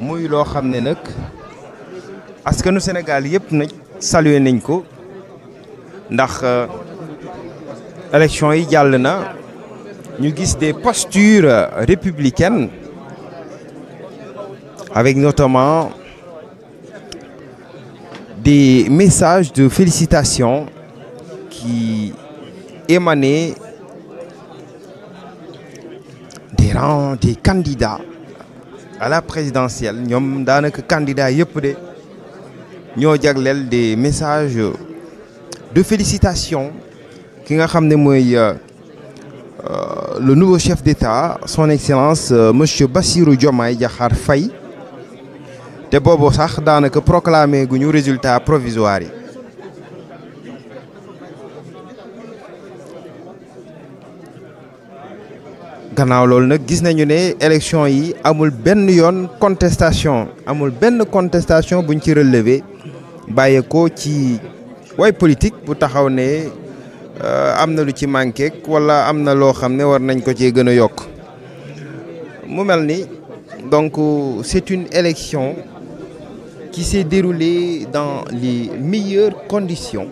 muy loo xam Nous, nag askanu Sénégal yépp nag salué ko ndax euh, élection yi des postures euh, républicaines avec notamment des messages de félicitations qui émanaient des rangs des candidats à la présidentielle nous avons candidat des messages de félicitations qui nga euh, euh, le nouveau chef d'État son excellence euh, M. Bassirou Diomaye Diakhar Faye a Bobo proclamé gu résultat provisoire gannaaw loolu nag gis nañu ne élection yi amul benn yoon contestation amul benn contestation buñ ci relever bàyyeekoo ci way politique bu taxaw ne euh, am na lu ci manqué wala am na loo xam ne war nañ ko cee gën a yokk mu mel ni donc c'est une élection qui s'est déroulée dans les meilleures conditions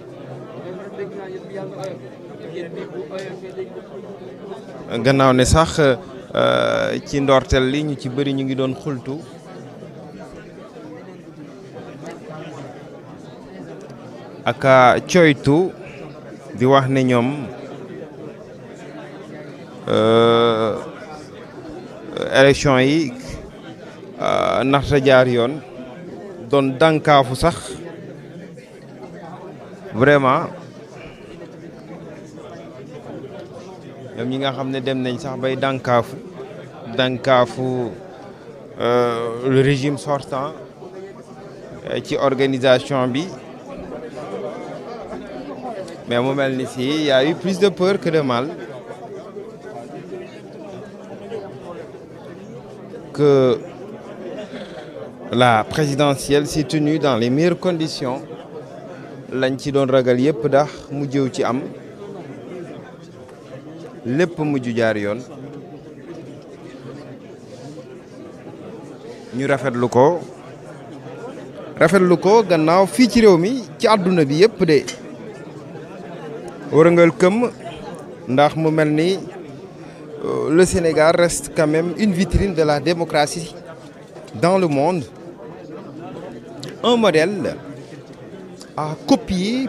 gannaaw ne sax euh, ci ndoortel li ñu ci bëri ñu ngi doon xultu ak coytu di wax ne ñoom euh, élection yi euh, naxta jaar yoon doon dànkaafu sax vraiment ñoom ñi nga xamné dem nañ sax bay dankafu euh le régime sortant euh, ci organisation bi mais mu melni ni il y a eu plus de peur que de mal que la présidentielle s'est tenue dans les meilleures conditions lañ ci doon ragal yépp ndax mu jëw ci am lépp mujj jaar yoon ñu rafetlu ko rafetlu ko gannaaw fii ci réew mi ci àdduna bi yépp de wërëngal këm ndax mu euh, le Sénégal reste quand même une vitrine de la démocratie dans le monde un modèle à copier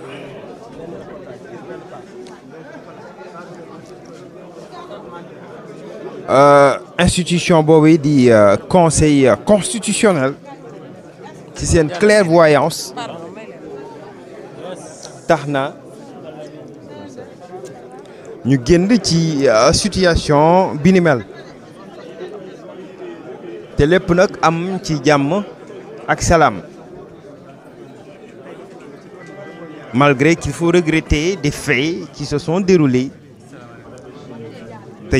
Euh, institution Bowie dit euh, conseil euh, constitutionnel c'est une clairvoyance nous nous ñu situation binimel. ni malgré qu'il faut regretter des faits qui se sont déroulés des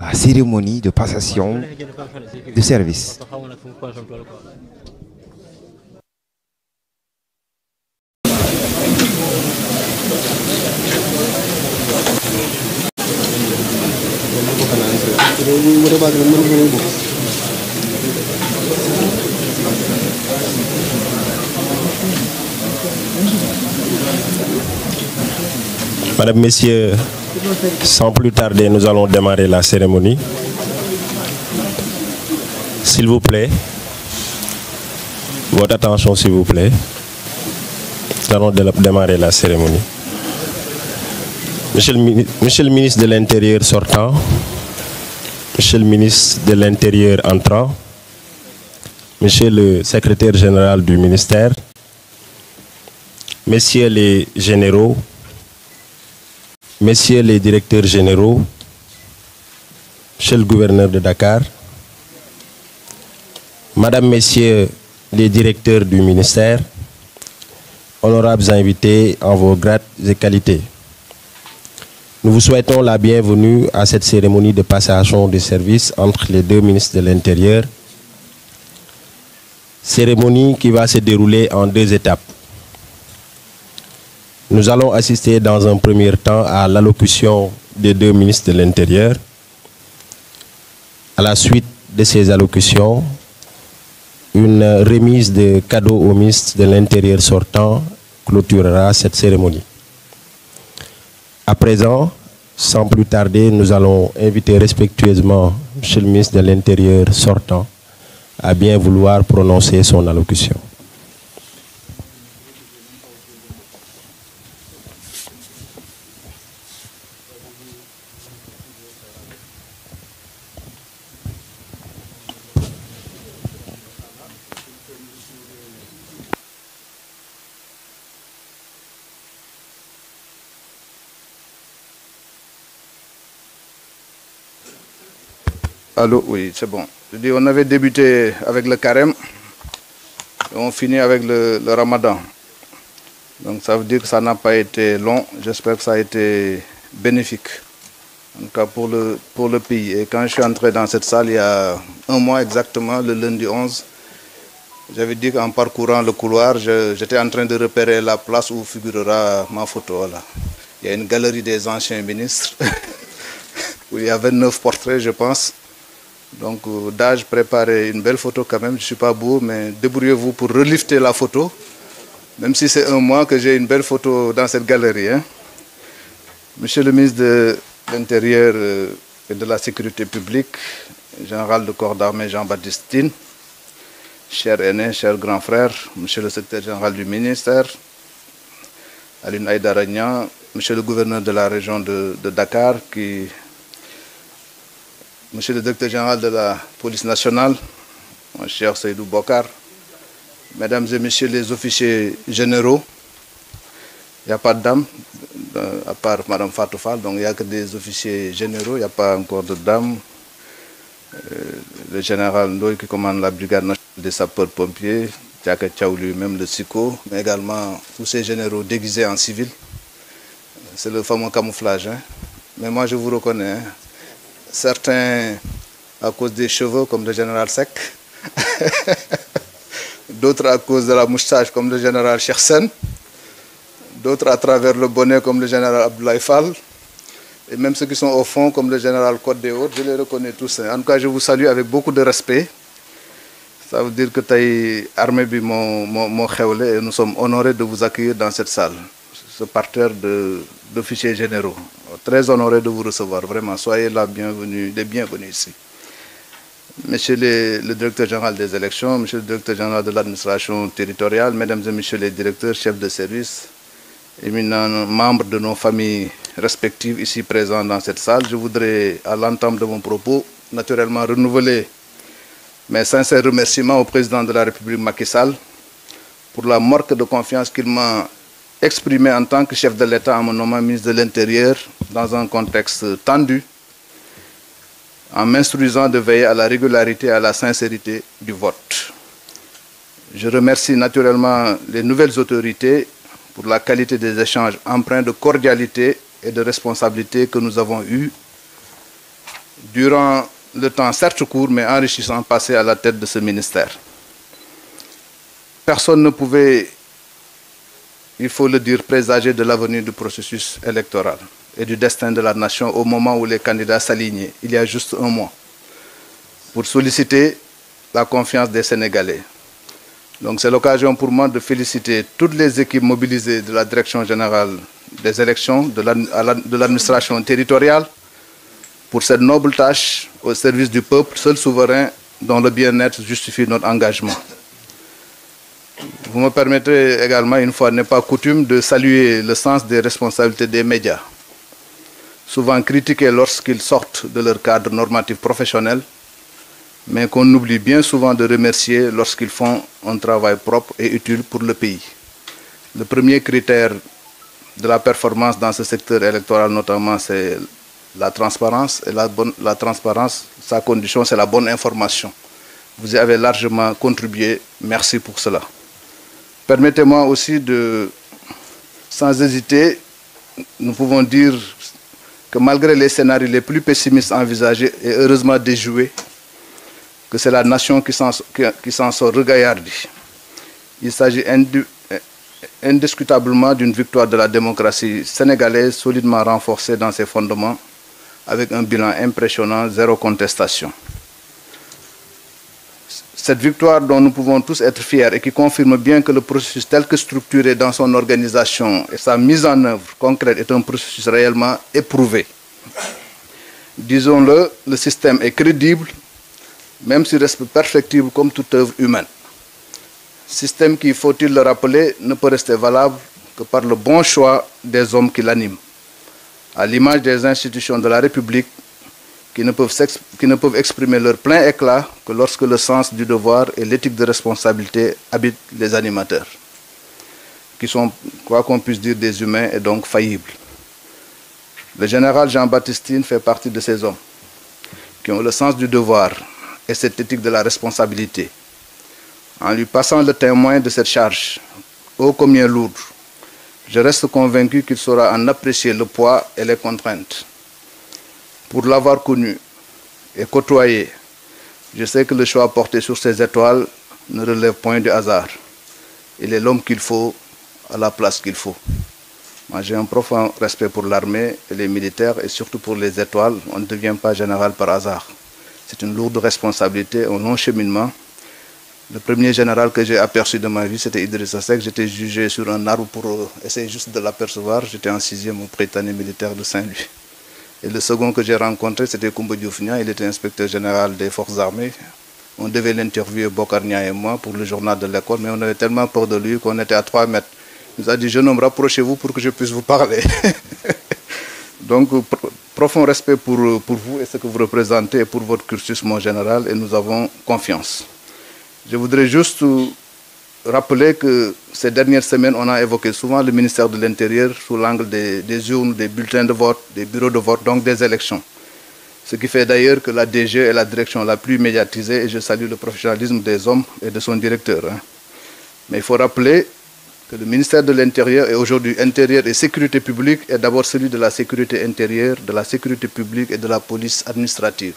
la cérémonie de passation de service. Madame, Messieurs, sans plus tarder, nous allons démarrer la cérémonie. S'il vous plaît, votre attention s'il vous plaît. Nous allons démarrer la cérémonie. Monsieur le, ministre de l'Intérieur sortant, Monsieur le ministre de l'Intérieur entrant, Monsieur le secrétaire général du ministère, Messieurs les généraux, messieurs les directeurs généraux, monsieur le gouverneur de Dakar, madame, messieurs les directeurs du ministère, honorables invités en vos grades et qualités. Nous vous souhaitons la bienvenue à cette cérémonie de passation de service entre les deux ministres de l'Intérieur, cérémonie qui va se dérouler en deux étapes. Nous allons assister dans un premier temps à l'allocution des deux ministres de l'Intérieur. À la suite de ces allocutions, une remise de cadeaux au ministre de l'Intérieur sortant clôturera cette cérémonie. À présent, sans plus tarder, nous allons inviter respectueusement M. le ministre de l'Intérieur sortant à bien vouloir prononcer son allocution. Allô, oui, c'est bon. Je dis, on avait débuté avec le carême et on finit avec le, ramadan. Donc ça veut dire que ça n'a pas été long. J'espère que ça a été bénéfique, en tout cas pour le, pour le pays. Et quand je suis entré dans cette salle il y a un mois exactement, le lundi 11, j'avais dit qu'en parcourant le couloir, j'étais en train de repérer la place où figurera ma photo. Il y a une galerie des anciens ministres où il y avait 29 portraits, je pense. Donc euh, d'âge, préparez une belle photo quand même, je ne suis pas beau, mais débrouillez-vous pour relifter la photo. Même si c'est un mois que j'ai une belle photo dans cette galerie. Hein. Monsieur le ministre de l'Intérieur euh, et de la Sécurité publique, général de corps d'armée Jean-Baptistine, cher aîné, cher grand frère, monsieur le secrétaire général du ministère, Aline Ragnan, monsieur le gouverneur de la région de Dakar qui Monsieur le Directeur Général de la Police Nationale, mon cher Seydou Bokar, Mesdames et Messieurs les officiers généraux, il n'y a pas de dames, euh, à part Madame Fatoufal, donc il n'y a que des officiers généraux, il n'y a pas encore de dames. Euh, le général Ndoye qui commande la brigade nationale des sapeurs-pompiers, Tiaka Tchaoulu, lui-même, le SICO, mais également tous ces généraux déguisés en civil. C'est le fameux camouflage. Hein. Mais moi je vous reconnais, hein certains à cause des cheveux comme le général Sec, d'autres à cause de la moustache comme le général Chersen, d'autres à travers le bonnet comme le général Abdoulaye Fall, et même ceux qui sont au fond comme le général Côte des je les reconnais tous. Hein. En tout cas, je vous salue avec beaucoup de respect. Ça veut dire que l'armée mon, mon, et nous sommes honorés de vous accueillir dans cette salle ce parterre de, généraux. Très honoré de vous recevoir, vraiment. Soyez la bienvenue, les bienvenus ici. Monsieur le, directeur général des élections, monsieur le directeur général de l'administration territoriale, mesdames et messieurs les directeurs, chefs de service, éminents membres de nos familles respectives ici présents dans cette salle, je voudrais, à l'entente de mon propos, naturellement renouveler mes sincères remerciements au président de la République Macky Sall pour la marque de confiance qu'il m'a exprimé en tant que chef de l'État à mon nom ministre de l'Intérieur dans un contexte tendu, en m'instruisant de veiller à la régularité et à la sincérité du vote. Je remercie naturellement les nouvelles autorités pour la qualité des échanges empreints de cordialité et de responsabilité que nous avons eus durant le temps certes court mais enrichissant passé à la tête de ce ministère. Personne ne pouvait il faut le dire, présager de l'avenir du processus électoral et du destin de la nation au moment où les candidats s'alignaient, il y a juste un mois, pour solliciter la confiance des Sénégalais. Donc c'est l'occasion pour moi de féliciter toutes les équipes mobilisées de la Direction générale des élections, de l'administration territoriale, pour cette noble tâche au service du peuple, seul souverain dont le bien-être justifie notre engagement. Vous me permettrez également, une fois n'est pas coutume, de saluer le sens des responsabilités des médias, souvent critiqués lorsqu'ils sortent de leur cadre normatif professionnel, mais qu'on oublie bien souvent de remercier lorsqu'ils font un travail propre et utile pour le pays. Le premier critère de la performance dans ce secteur électoral notamment, c'est la transparence. Et la, bonne, la transparence, sa condition, c'est la bonne information. Vous y avez largement contribué. Merci pour cela. Permettez-moi aussi de, sans hésiter, nous pouvons dire que malgré les scénarios les plus pessimistes envisagés et heureusement déjoués, que c'est la nation qui s'en sort regaillardie. Il s'agit indiscutablement d'une victoire de la démocratie sénégalaise solidement renforcée dans ses fondements avec un bilan impressionnant, zéro contestation. Cette victoire dont nous pouvons tous être fiers et qui confirme bien que le processus tel que structuré dans son organisation et sa mise en œuvre concrète est un processus réellement éprouvé. Disons-le, le système est crédible, même s'il reste perfectible comme toute œuvre humaine. Système qui, faut-il le rappeler, ne peut rester valable que par le bon choix des hommes qui l'animent. À l'image des institutions de la République, qui ne peuvent, qui ne peuvent exprimer leur plein éclat que lorsque le sens du devoir et l'éthique de responsabilité habitent les animateurs, qui sont, quoi qu'on puisse dire, des humains et donc faillibles. Le général Jean-Baptistine fait partie de ces hommes qui ont le sens du devoir et cette éthique de la responsabilité. En lui passant le témoin de cette charge, ô combien lourde, je reste convaincu qu'il saura en apprécier le poids et les contraintes. Pour l'avoir connu et côtoyé, je sais que le choix porté sur ces étoiles ne relève point du hasard. Il est l'homme qu'il faut à la place qu'il faut. Moi, j'ai un profond respect pour l'armée et les militaires et surtout pour les étoiles. On ne devient pas général par hasard. C'est une lourde responsabilité, un long cheminement. Le premier général que j'ai aperçu de ma vie, c'était Idrissa Sassek. J'étais jugé sur un arbre pour essayer juste de l'apercevoir. J'étais en sixième au prétané militaire de Saint-Louis. Et le second que j'ai rencontré, c'était Koumba Dioufnia, il était inspecteur général des forces armées. On devait l'interviewer, Bokarnia et moi, pour le journal de l'école, mais on avait tellement peur de lui qu'on était à 3 mètres. Il nous a dit, jeune homme, rapprochez-vous pour que je puisse vous parler. Donc, profond respect pour, pour vous et ce que vous représentez et pour votre cursus, mon général, et nous avons confiance. Je voudrais juste rappeler que ces dernières semaines, on a évoqué souvent le ministère de l'Intérieur sous l'angle des, urnes, des bulletins de vote, des bureaux de vote, donc des élections. Ce qui fait d'ailleurs que la DG est la direction la plus médiatisée et je salue le professionnalisme des hommes et de son directeur. Hein. Mais il faut rappeler que le ministère de l'Intérieur est aujourd'hui intérieur et sécurité publique est d'abord celui de la sécurité intérieure, de la sécurité publique et de la police administrative.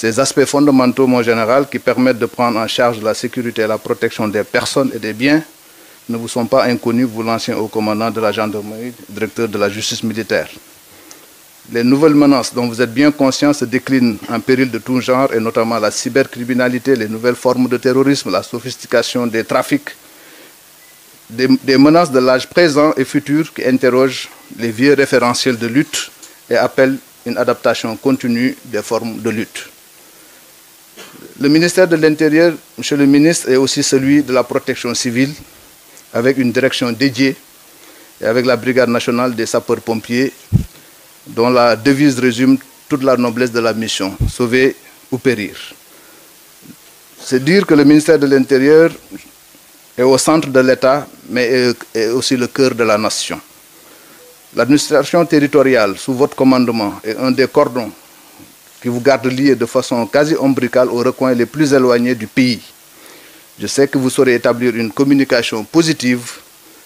Ces aspects fondamentaux, mon général, qui permettent de prendre en charge la sécurité et la protection des personnes et des biens, ne vous sont pas inconnus, vous l'ancien haut commandant de la gendarmerie, directeur de la justice militaire. Les nouvelles menaces dont vous êtes bien conscient se déclinent en péril de tout genre, et notamment la cybercriminalité, les nouvelles formes de terrorisme, la sophistication des trafics, des, des menaces de l'âge présent et futur qui interrogent les vieux référentiels de lutte et appellent une adaptation continue des formes de lutte. Le ministère de l'Intérieur, Monsieur le ministre, est aussi celui de la protection civile, avec une direction dédiée et avec la Brigade nationale des sapeurs-pompiers, dont la devise résume toute la noblesse de la mission, sauver ou périr. C'est dire que le ministère de l'Intérieur est au centre de l'État, mais est aussi le cœur de la nation. L'administration territoriale, sous votre commandement, est un des cordons qui vous garde liés de façon quasi ombricale aux recoins les plus éloignés du pays. Je sais que vous saurez établir une communication positive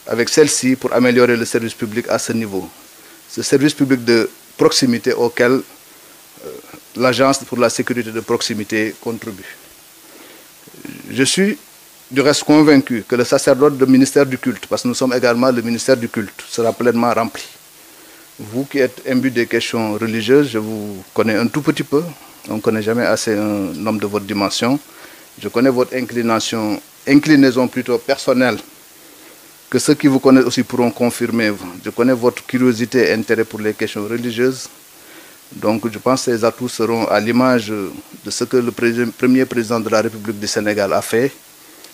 avec celle-ci pour améliorer le service public à ce niveau. Ce service public de proximité auquel euh, l'Agence pour la sécurité de proximité contribue. Je suis du reste convaincu que le sacerdoce du ministère du culte, parce que nous sommes également le ministère du culte, sera pleinement rempli. Vous qui êtes imbu des questions religieuses, je vous connais un tout petit peu. On ne connaît jamais assez un homme de votre dimension. Je connais votre inclination, inclinaison plutôt personnelle, que ceux qui vous connaissent aussi pourront confirmer. Je connais votre curiosité et intérêt pour les questions religieuses. Donc je pense que ces atouts seront à l'image de ce que le premier président de la République du Sénégal a fait,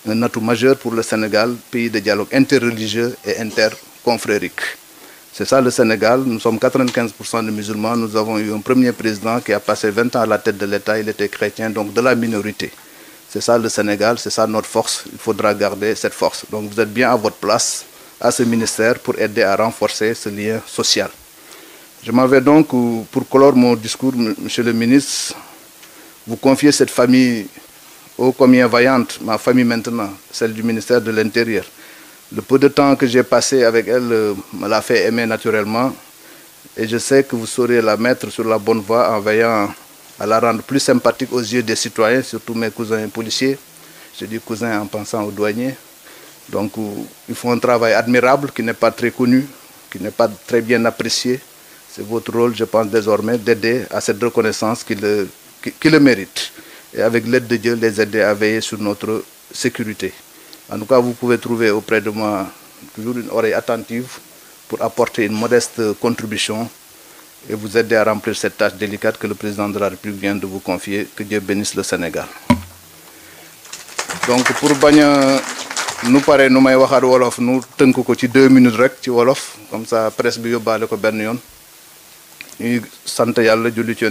un atout majeur pour le Sénégal, pays de dialogue interreligieux et interconfrérique. C'est ça le Sénégal. Nous sommes 95% de musulmans. Nous avons eu un premier président qui a passé 20 ans à la tête de l'État. Il était chrétien, donc de la minorité. C'est ça le Sénégal, c'est ça notre force. Il faudra garder cette force. Donc vous êtes bien à votre place, à ce ministère, pour aider à renforcer ce lien social. Je m'avais donc, euh, pour clore mon discours, Monsieur le ministre, vous confiez cette famille aux combien vaillantes ma famille maintenant, celle du ministère de l'Intérieur. Le peu de temps que j'ai passé avec elle me euh, l'a fait aimer naturellement et je sais que vous saurez la mettre sur la bonne voie en veillant à la rendre plus sympathique aux yeux des citoyens, surtout mes cousins policiers. Je dis cousins en pensant aux douaniers. Donc euh, ils font un travail admirable qui n'est pas très connu, qui n'est pas très bien apprécié. C'est votre rôle, je pense désormais, d'aider à cette reconnaissance qui le, qui le mérite. Et avec l'aide de Dieu, les aider à veiller sur notre sécurité. En tout cas, vous pouvez trouver auprès de moi toujours une oreille attentive pour apporter une modeste contribution et vous aider à remplir cette tâche délicate que le président de la République vient de vous confier. Que Dieu bénisse le Sénégal. Donc pour Bagna, nous paraît nous m'avons may wolof nous tenons deux minutes rek wolof comme ça presse bi yóbbaale ko benn yoon ñuy sant yàlla julli ci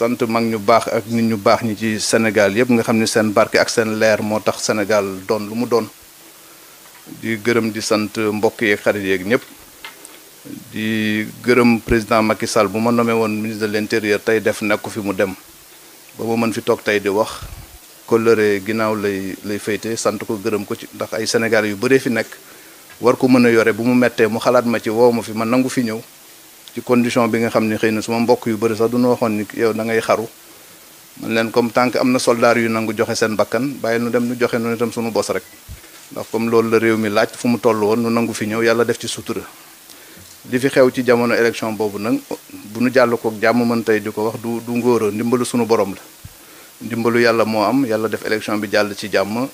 sant mag ñu baax ak nit ñu baax ñi ci senegal yëpp nga xam ni seen barke ak seen leer moo tax Sénégal doon lu mu doon di gërëm di sant mbokk yeeg xarit yeeg ñëpp di gërëm président Macky Sall bu ma nommé woon ministre de l'intérieur tey def nekku fi mu dem ba ma mën fi toog tey di wax kóllëre ginnaaw lay lay fayte sant ko gërëm ko ci ndax ay Sénégal yu bëree fi nekk war ko mën a yore bu mu mettee mu xalaat ma ci wow ma fi ma nangu fi ñëw ci condition bi nga xam ne xëy na suma mbokk yu bari sax du ñu waxoon ni yow da xaru man leen comme tant am na soldaar yu nangu joxe seen bakkan bàyyi nu dem nu joxe nu itam suñu bos rek ndax comme loolu la réew mi laaj fu mu toll woon nu nangu fi ñëw yàlla def ci sutura li fi xew ci jamono élection boobu nag bu nu jàll kook jàmm mën tey di ko wax du du ngóora ndimbalu sunu borom la ndimbalu yàlla moo am yàlla def élection bi jàll ci jàmm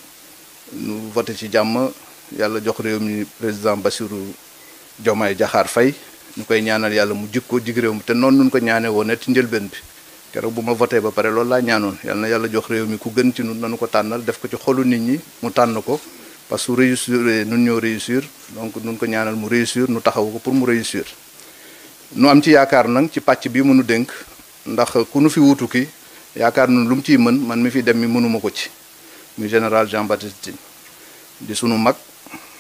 nu voté jàmm yàlla jox réew mi président Bassirou Diomaye Diakhar Faye ñu koy ñaanal yàlla mu jik ko jig réew mi te noon nun ko ñaanee woon ci njëlbeen bi keroog bu ma voté ba pare loolu laa ñaanoon yàlla na yàlla jox réew mi ku gën ci nun nanu ko tànnal def ko ci xolu nit ñi mu tànn ko parce que réussir nun ñoo réussir donc nun ko ñaanal mu réussir nu taxaw ko pour mu réussir nu am ci yaakaar nag ci pàcc bi mënu dénk ndax ku nu fi wutu yaakaar nun lu mu ciy mën man mi fi dem mi mënuma ko ci muy général Jean Baptiste sunu mag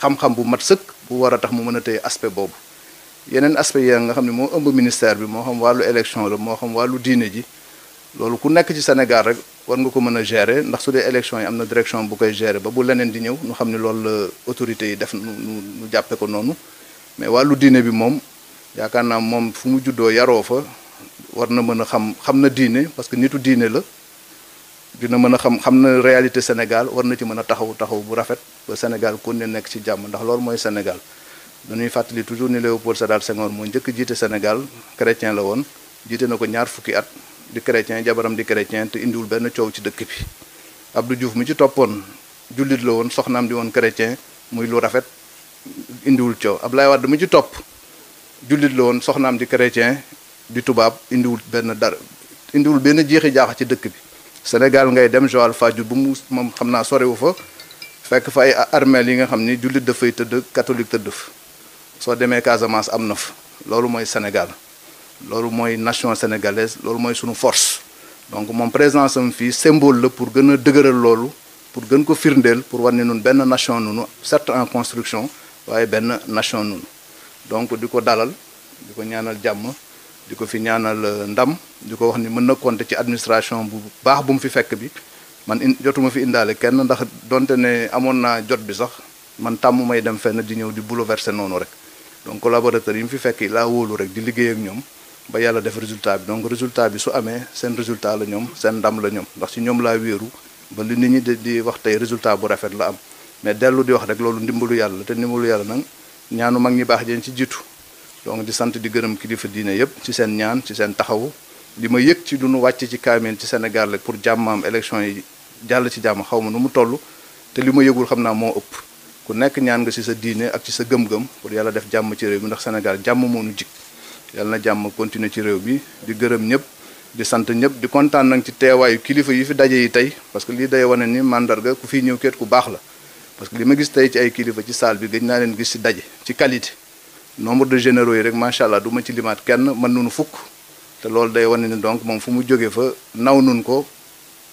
xam-xam bu mat sëkk bu war a tax mu mën a téye aspect boobu yeneen aspect yi nga xam ne moo ëmb ministère bi moo xam wàllu élection la moo xam wàllu diine ji loolu ku nekk ci Sénégal rek war nga ko mën a gérer ndax su dee élection yi am na direction bu koy gérer ba bu leneen di ñëw ñu xam ne loolu la autorités yi def nu nu jàppe ko noonu mais wàllu diine bi moom yaakaar naa moom fu mu juddoo yaroo fa war na mën a xam xam na diine parce que nitu diine la dina mën a xam xam na réalité Sénégal war na ci mën a taxaw taxaw bu rafet ba Sénégal kon ne nekk ci jàmm ndax loolu mooy Sénégal nuy fàttali toujours ni Léopold dal Senghor moo njëkk jiite Sénégal chrétien la woon jiite na ko ñaar fukki at di chrétien jabaram di chrétien te indiwul benn coow ci dëkk bi ab Abdou Diouf mu ci toppoon jullit la woon soxnaam di woon chrétien muy lu rafet indiwul coow Abdoulaye Wade mi ci topp jullit la woon soxnaam di chrétien di tubaab indiwul benn dara indiwul benn jeexi jaaxa ci dëkk bi Sénégal ngay dem Joal Fadiouth bu mu moom xam naa sorewu fa fekk fa ay armée yi nga xamni julit da fay teud catholique tëdd fa soo demee Casamance am na fa loolu mooy Sénégal lolu moy nation sénégalaise lolu moy sunu force donc mon présence am fii symbole le pour gëna dëgeural lolu pour gën ko firndel pour wane ne nun benn nation nunu certes en construction waaye ben nation nunu donc diko dalal diko ñaanal jamm di ko fi ñaanal euh, ndam di ko wax ni mën na compter ci administration bu baax bu mu fi fekk bi man in jotuma fi indaale kenn ndax donte ne amoon naa jot bi sax man tàmm may dem fenn di ñëw di bouleverser noonu rek donc collaborateurs yi mu fi fekk laa wóolu rek di liggéey ak ñoom ba yàlla def résultat bi donc résultat bi su amee seen résultat la ñoom seen ndam la ñoom ndax ci ñoom laa wéeru ba li nit ñi di wax tey résultat bu rafet la am mais dellu di wax rek loolu ndimbalu yàlla te ndimbalu yàlla nag ñaanu mag ñi baax jeen ci jiitu donc di sant di gërëm kilifa diine yëpp ci seen ñaan ci seen taxawu li ma yëg ci lu nu wàcc ci kaamil ci Sénégal pour jàmmaam élection yi jàll ci jàmm xaw ma nu mu toll te li ma yëgul xam naa moo ëpp ku nekk ñaan nga ci sa diine ak ci sa gëm-gëm pour yàlla def jàmm ci réew bi ndax Sénégal jàmm moo nu jik yàlla na jàmm continuer ci réew mi di gërëm ñëpp di sant ñëpp di kontaan nag ci teewaayu kilifa yi fi daje yi tey parce que lii day wane ni mandarga ku fiy ñëw keet ku baax la parce que li ma gis tey ci ay kilifa ci salle bi gëj leen gis ci daje ci qualité nombre de généro yi rek macha allah du ma ci kenn mën nunu fukk te loolu day wane ni donc moom fu mu jógee fa naw nun ko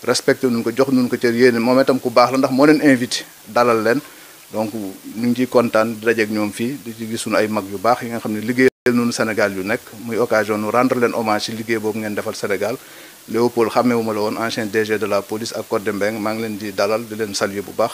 respecté nun ko jox nun ko cër yéen moom tam ku baax la ndax moo leen invité dalal leen donc ñu ngi ciy kontaan di dajeeg ñoom fii di ci gis sunu ay mag yu baax yi nga xam ne liggéey nun Sénégal yu nekk muy occasion nu rendre leen hommage ci liggéey boobu ngeen defal Sénégal Léopold xàmmewuma la woon ancien DG de la police ak Codé Mbengue maa ngi leen di dalal di leen saluer bu baax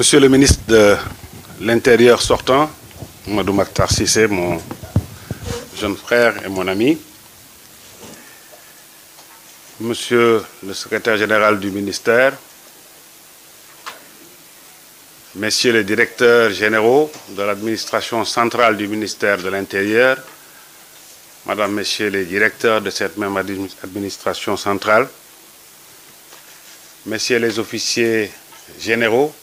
Monsieur le ministre de l'Intérieur sortant, Madou Maktar Sissé, mon jeune frère et mon ami, Monsieur le secrétaire général du ministère, Messieurs les directeurs généraux de l'administration centrale du ministère de l'Intérieur, Madame, Messieurs les directeurs de cette même administration centrale, Messieurs les officiers généraux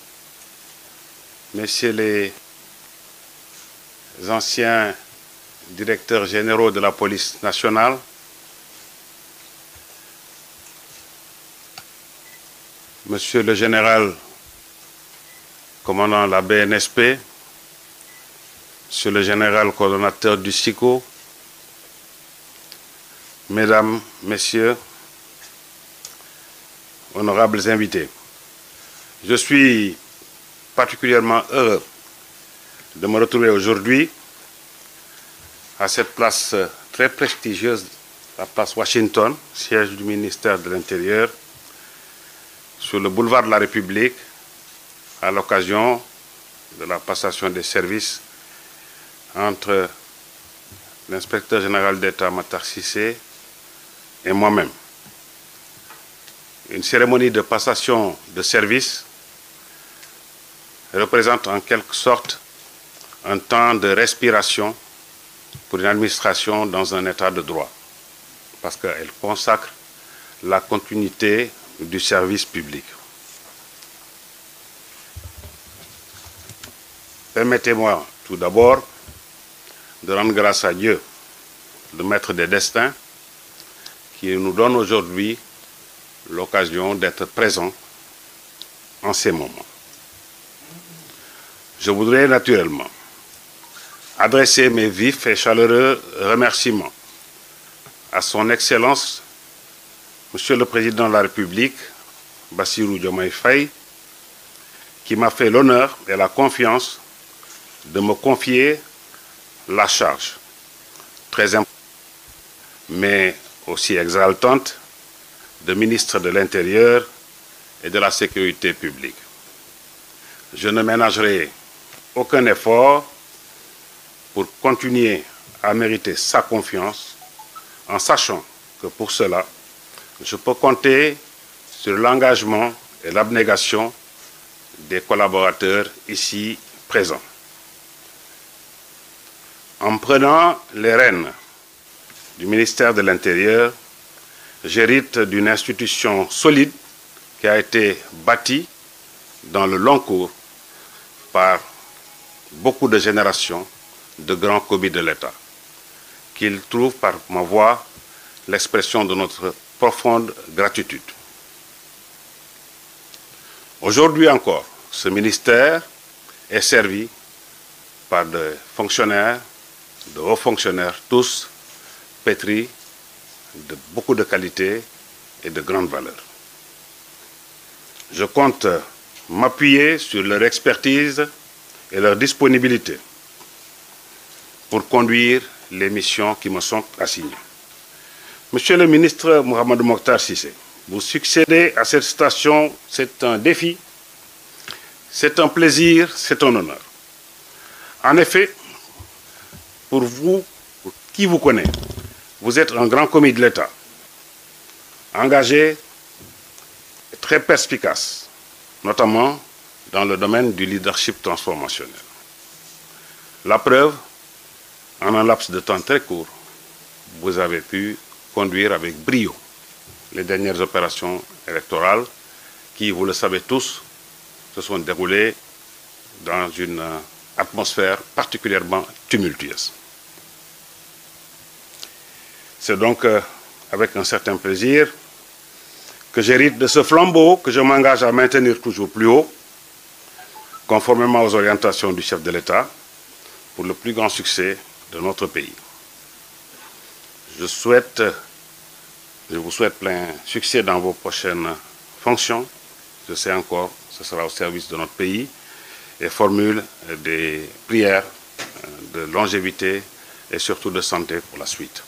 messieurs les anciens directeurs généraux de la police nationale, monsieur le général commandant la BNSP, monsieur le général coordonnateur du SICO, mesdames, messieurs, honorables invités. Je suis particulièrement heureux de me retrouver aujourd'hui à cette place très prestigieuse, la place Washington, siège du ministère de l'Intérieur, sur le boulevard de la République, à l'occasion de la passation des services entre l'inspecteur général d'État Matar Sissé et moi-même. Une cérémonie de passation de services représente en quelque sorte un temps de respiration pour une administration dans un état de droit, parce qu'elle consacre la continuité du service public. Permettez-moi tout d'abord de rendre grâce à Dieu, le maître des destins, qui nous donne aujourd'hui l'occasion d'être présents en ces moments. Je voudrais naturellement adresser mes vifs et chaleureux remerciements à Son Excellence, Monsieur le Président de la République, Bassirou Diomaye Faye, qui m'a fait l'honneur et la confiance de me confier la charge très importante, mais aussi exaltante, de ministre de l'Intérieur et de la Sécurité publique. Je ne ménagerai aucun effort pour continuer à mériter sa confiance en sachant que pour cela, je peux compter sur l'engagement et l'abnégation des collaborateurs ici présents. En prenant les rênes du ministère de l'Intérieur, j'hérite d'une institution solide qui a été bâtie dans le long cours par beaucoup de générations de grands commis de l'État, qu'ils trouvent par ma voix l'expression de notre profonde gratitude. Aujourd'hui encore, ce ministère est servi par des fonctionnaires, de hauts fonctionnaires, tous pétris de beaucoup de qualités et de grandes valeurs. Je compte m'appuyer sur leur expertise et leur disponibilité pour conduire les missions qui me sont assignées. Monsieur le ministre Mohamed Mokhtar Sissé, vous succédez à cette station, c'est un défi, c'est un plaisir, c'est un honneur. En effet, pour vous, qui vous connaît, vous êtes un grand commis de l'État, engagé, très perspicace, notamment dans le domaine du leadership transformationnel. La preuve, en un laps de temps très court, vous avez pu conduire avec brio les dernières opérations électorales qui, vous le savez tous, se sont déroulées dans une euh, atmosphère particulièrement tumultueuse. C'est donc euh, avec un certain plaisir que j'hérite de ce flambeau que je m'engage à maintenir toujours plus haut conformément aux orientations du chef de l'État, pour le plus grand succès de notre pays. Je souhaite, je vous souhaite plein succès dans vos prochaines fonctions. Je sais encore, ce sera au service de notre pays et formule des prières euh, de longévité et surtout de santé pour la suite.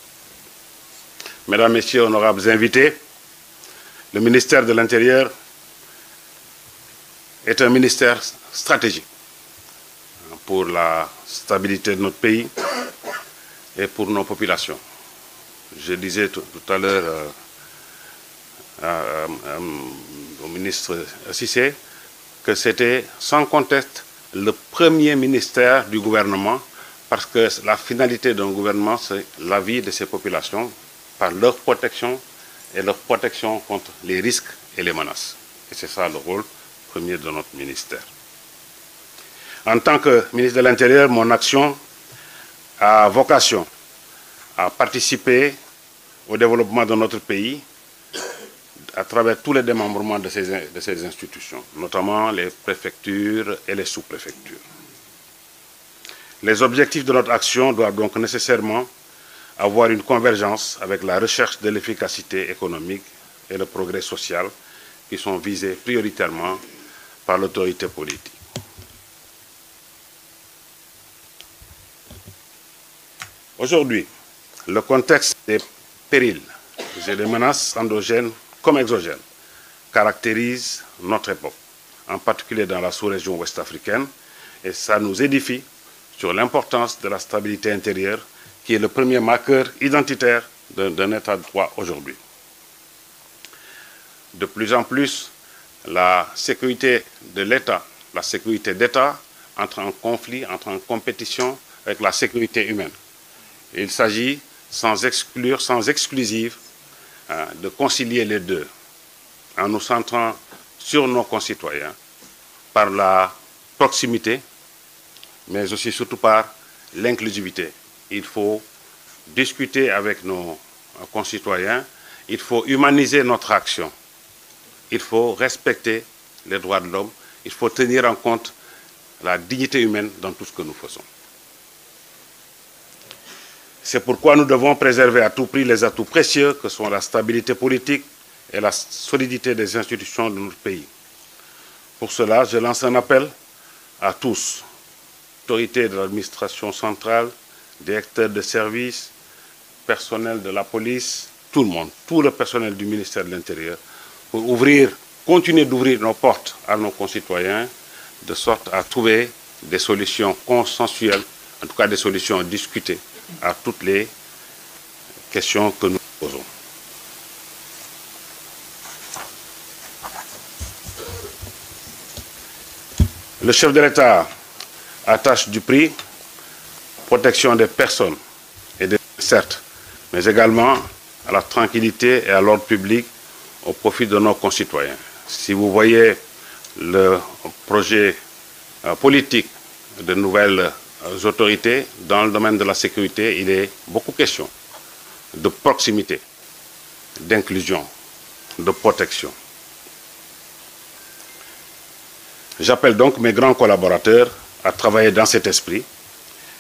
Mesdames, Messieurs, honorables invités, le ministère de l'Intérieur est un ministère stratégique pour la stabilité de notre pays et pour nos populations. Je disais tout, à l'heure euh, euh, euh, au ministre Sissé que c'était sans conteste le premier ministère du gouvernement parce que la finalité d'un gouvernement, c'est la vie de ses populations par leur protection et leur protection contre les risques et les menaces. Et c'est ça le rôle Premier de notre ministère. En tant que ministre de l'Intérieur, mon action a vocation à participer au développement de notre pays à travers tous les démembrements de ces, de ces institutions, notamment les préfectures et les sous-préfectures. Les objectifs de notre action doivent donc nécessairement avoir une convergence avec la recherche de l'efficacité économique et le progrès social qui sont visés prioritairement par l'autorité politique. Aujourd'hui, le contexte des périls et des menaces endogènes comme exogènes caractérise notre époque, en particulier dans la sous-région ouest-africaine, et ça nous édifie sur l'importance de la stabilité intérieure qui est le premier marqueur identitaire d'un État de droit aujourd'hui. De plus en plus, la sécurité de l'État, la sécurité d'État entre en conflit, entre en compétition avec la sécurité humaine. Il s'agit, sans exclure, sans exclusive, hein, de concilier les deux en nous centrant sur nos concitoyens par la proximité, mais aussi surtout par l'inclusivité. Il faut discuter avec nos concitoyens, il faut humaniser notre action il faut respecter les droits de l'homme, il faut tenir en compte la dignité humaine dans tout ce que nous faisons. C'est pourquoi nous devons préserver à tout prix les atouts précieux que sont la stabilité politique et la solidité des institutions de notre pays. Pour cela, je lance un appel à tous, autorités de l'administration centrale, directeurs de services, personnel de la police, tout le monde, tout le personnel du ministère de l'Intérieur, pour ouvrir, continuer d'ouvrir nos portes à nos concitoyens, de sorte à trouver des solutions consensuelles, en tout cas des solutions discutées à toutes les questions que nous posons. Le chef de l'État attache du prix protection des personnes et des certes, mais également à la tranquillité et à l'ordre public au profit de nos concitoyens. Si vous voyez le projet euh, politique de nouvelles euh, autorités dans le domaine de la sécurité, il est beaucoup question de proximité, d'inclusion, de protection. J'appelle donc mes grands collaborateurs à travailler dans cet esprit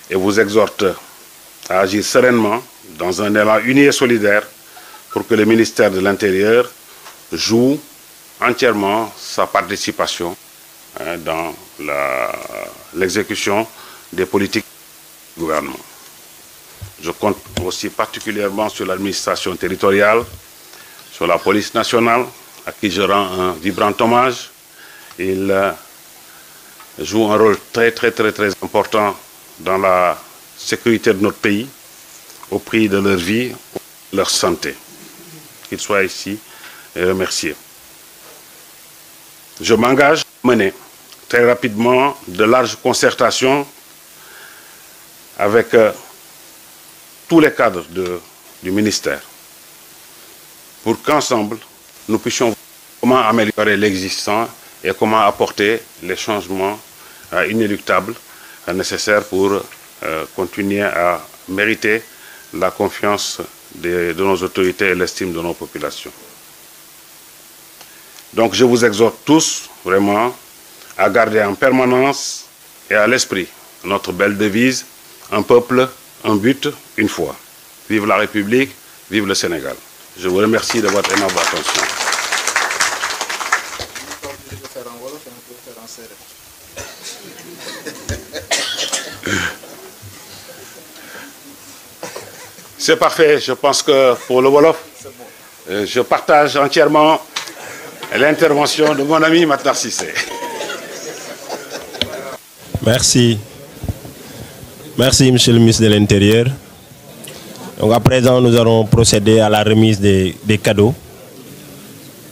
et vous exhorte à agir sereinement dans un élan uni et solidaire pour que le ministère de l'Intérieur joue entièrement sa participation hein, dans l'exécution des politiques du gouvernement. Je compte aussi particulièrement sur l'administration territoriale, sur la police nationale, à qui je rends un vibrant hommage. Ils euh, jouent un rôle très très très très important dans la sécurité de notre pays, au prix de leur vie, leur santé. Qu'ils soient ici je m'engage à mener très rapidement de larges concertations avec euh, tous les cadres du ministère pour qu'ensemble, nous puissions voir comment améliorer l'existant et comment apporter les changements euh, inéluctables euh, nécessaires pour continuer à mériter la confiance de nos autorités et l'estime de nos populations. Donc je vous exhorte tous, vraiment, à garder en permanence et à l'esprit notre belle devise, un peuple, un but, une foi. Vive la République, vive le Sénégal. Je vous remercie de votre énorme attention. C'est parfait, je pense que pour le Wolof, euh, je partage entièrement l'intervention de mon ami Matar Sissé. Merci. Merci, Monsieur le ministre de l'Intérieur. Donc à présent, nous allons procéder à la remise des, des cadeaux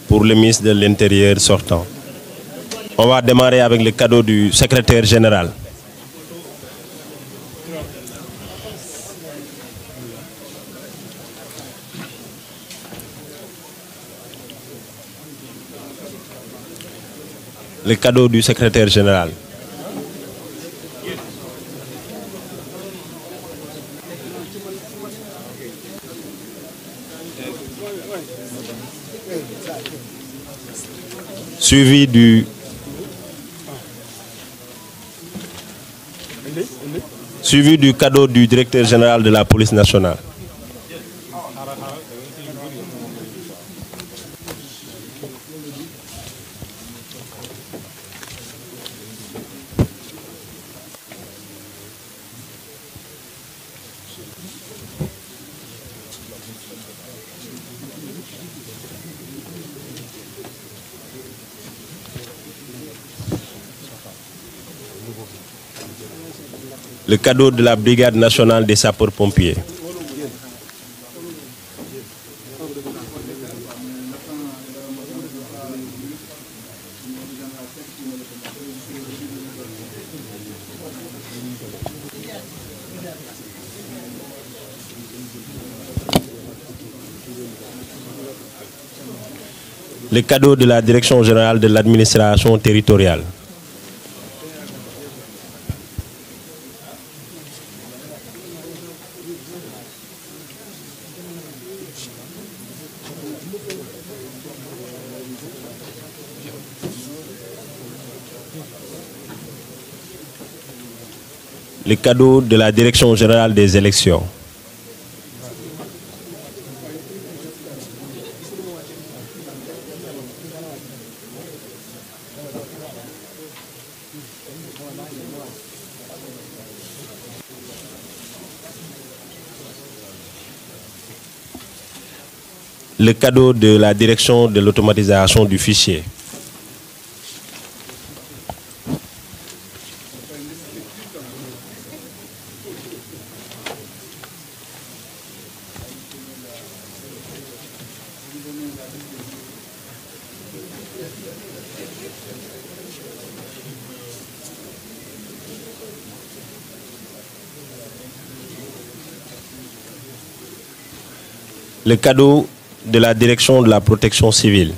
pour le ministre de l'Intérieur sortant. On va démarrer avec le cadeau du secrétaire général. le cadeau du secrétaire général. Suivi du suivi du cadeau du directeur général de la police nationale. le cadeau de la Brigade nationale des sapeurs-pompiers. le cadeau de la Direction générale de l'administration territoriale. le cadeau de la Direction générale des élections. le cadeau de la direction de l'automatisation du fichier. le cadeau de la direction de la protection civile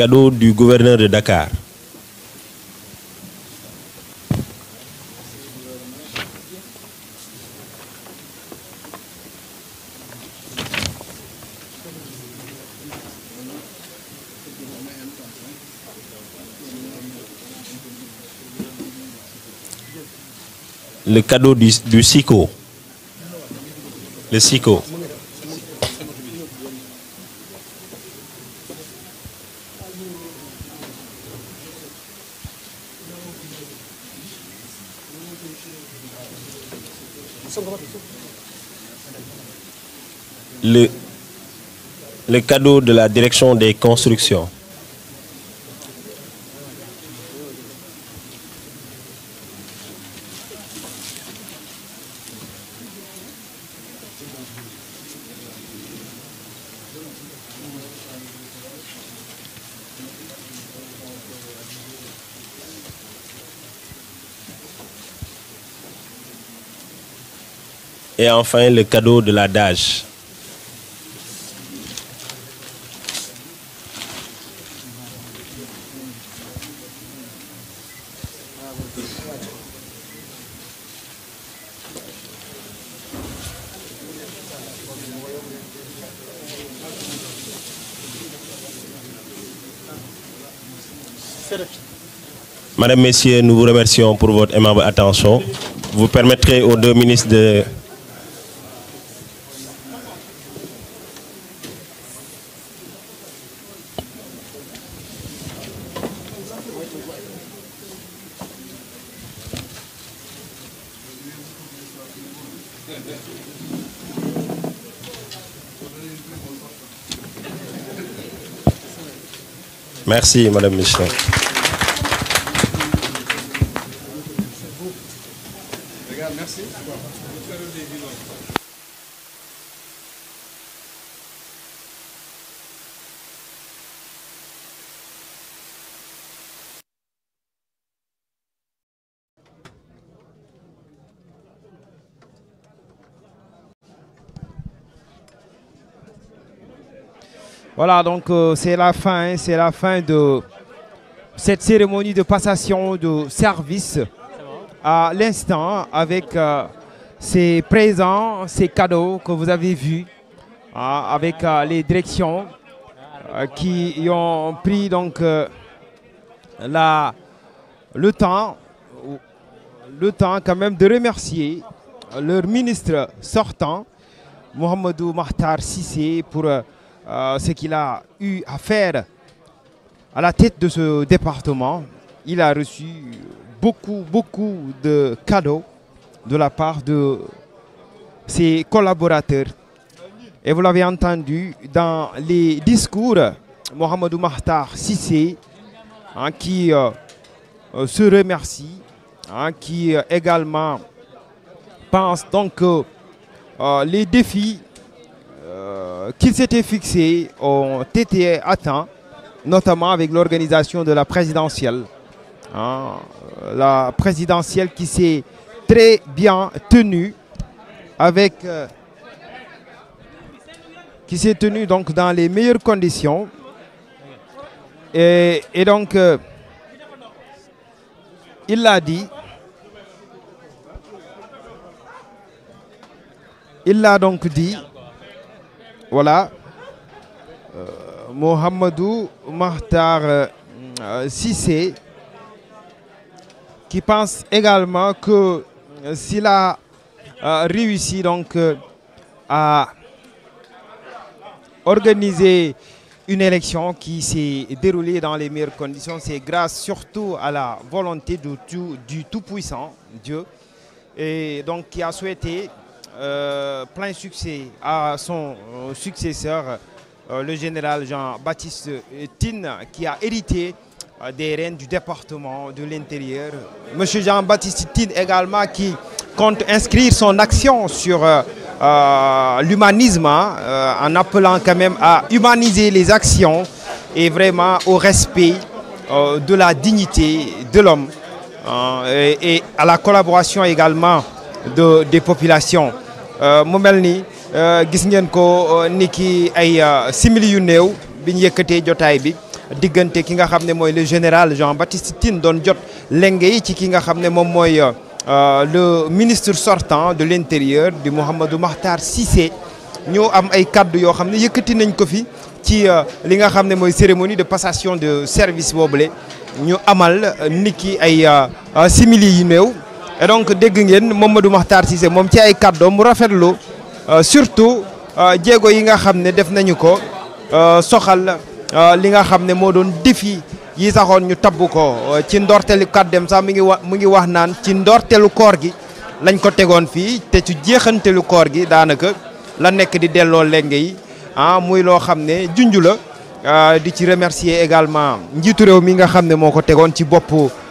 cadeau du gouverneur de Dakar. Le cadeau du, du SICO. Le SICO. cadeau de la direction des constructions. Et enfin, le cadeau de la DAGE. Madame, Messieurs, nous vous remercions pour votre aimable attention. Vous permettrez aux deux ministres de... Merci, Madame Michel. Voilà, donc euh, c'est la fin, hein, c'est la fin de cette cérémonie de passation de service à l'instant avec euh, ces présents, ces cadeaux que vous avez vus hein, avec euh, les directions qui ont pris donc la, le temps le temps quand même de remercier leur ministre sortant Mohamedou Mahtar Sissé pour euh, ce qu'il a eu à faire à la tête de ce département. Il a reçu beaucoup, beaucoup de cadeaux de la part de ses collaborateurs. Et vous l'avez entendu dans les discours, Mohamedou Mahtar Sissé, hein, qui euh, euh, se remercie, hein, qui également pense donc les défis euh, qu'ils qui s'étaient fixés ont été e atteints, notamment avec l'organisation de la présidentielle. Hein, euh, la présidentielle qui s'est très bien tenue avec... Euh, qui s'est tenue donc dans les meilleures conditions. Et, donc, il l'a dit, il l'a donc dit, voilà euh, Mohamedou Mahtar Sissé euh, qui pense également que euh, s'il a réussi donc à organiser une élection qui s'est déroulée dans les meilleures conditions. C'est grâce surtout à la volonté du, du Tout-Puissant, Dieu, et donc qui a souhaité euh, plein succès à son euh, successeur, euh, le général Jean-Baptiste Tine, qui a hérité des rênes du département de l'intérieur. Monsieur Jean-Baptiste Tine également qui compte inscrire son action sur l'humanisme hein, en appelant quand même à humaniser les actions et vraiment au respect de la dignité de l'homme hein, et, à la collaboration également de, des populations. Euh, mu melni euh, gis ngeen ko euh, niki ay simili yu néew bi yëkëté jotaay bi digënté ki nga xamné moy le général Jean-Baptiste Tine don jot lengé yi ci ki nga xamné mom moy le ministre sortant de l'intérieur du Mohamedou Mahtar Cissé ñu am ay kàddu yo xamné yëkëti nañ ko fi ci li nga xamné moy cérémonie de passation de service boobule ñu amal niki ay simili yu néew. et donc deg ngeen momadou Makhtar Cissé mom ci ay cadeau mu rafetlu euh, surtout djego euh, yi nga xamné def nañu ko euh, soxal li nga xamné mo doon défi yi saxone ñu tabb ko ci ndortelu kaddem sax mi ngi mu ngi wax naan ci ndortelu koor gi lañ ko tégon fi té ci jéxantelu koor gi danaka la nek di delo lenge yi ah muy lo xamné di ci remercier également njitu rew mi nga xamné moko tégon ci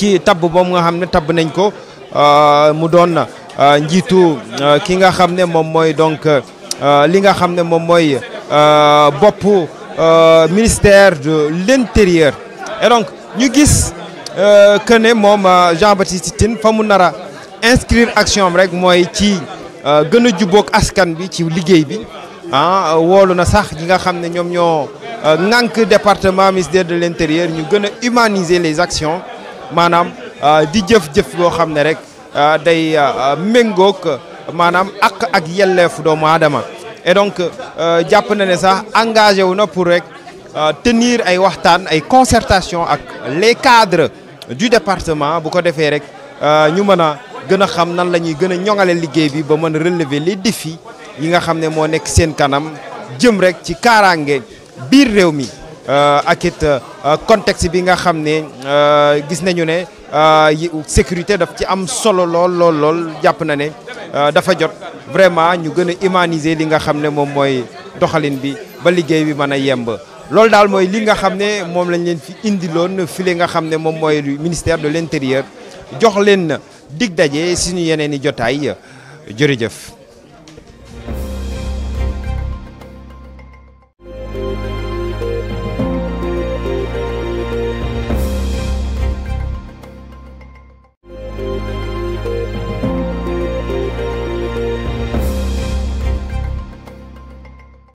ki tabb bo nga xam ne nañ ko euh, mu doon euh, njitu euh, ki nga mom moy donc li nga xam mom moy euh bop ministère de l'intérieur et donc ñu gis que né mom Jean-Baptiste Tine fa mu inscrire action am rek moy ci gën a jubboog askan bi ci liggéey bi ah woolu na sax gi nga xam ñom ñoo nank département ministère de l'intérieur ñu gëna humaniser les actions manam euh, di jëf-jëf yoo xam rek euh, day euh, mengok manam ak ak yelleefu doomu adama et donc jàpp na ne sax engagé wu na pour rek tenir ay waxtaan ay concertation ak les cadres du département bu ko defee rek ñu mëna gëna xam nan lañuy gëna ñongalé liggéey bi ba mëna relever les défis yi nga xam mo nek seen kanam jëm rek ci kaaraange bir réew mi Euh, ak it euh, bi nga xam ne euh, gis nañu ne sécurité daf ci am solo lool lool lool jàpp na ne dafa jot vraiment ñu gën a humaniser li nga xam ne moom mooy doxalin bi ba liggéey bi mën a yemb. loolu daal mooy li nga xam ne moom lañ leen fi indi indiloon file nga xam ne moom mooy ministère de l'intérieur jox leen dig daje suñu yeneen i jotaay jërëjëf.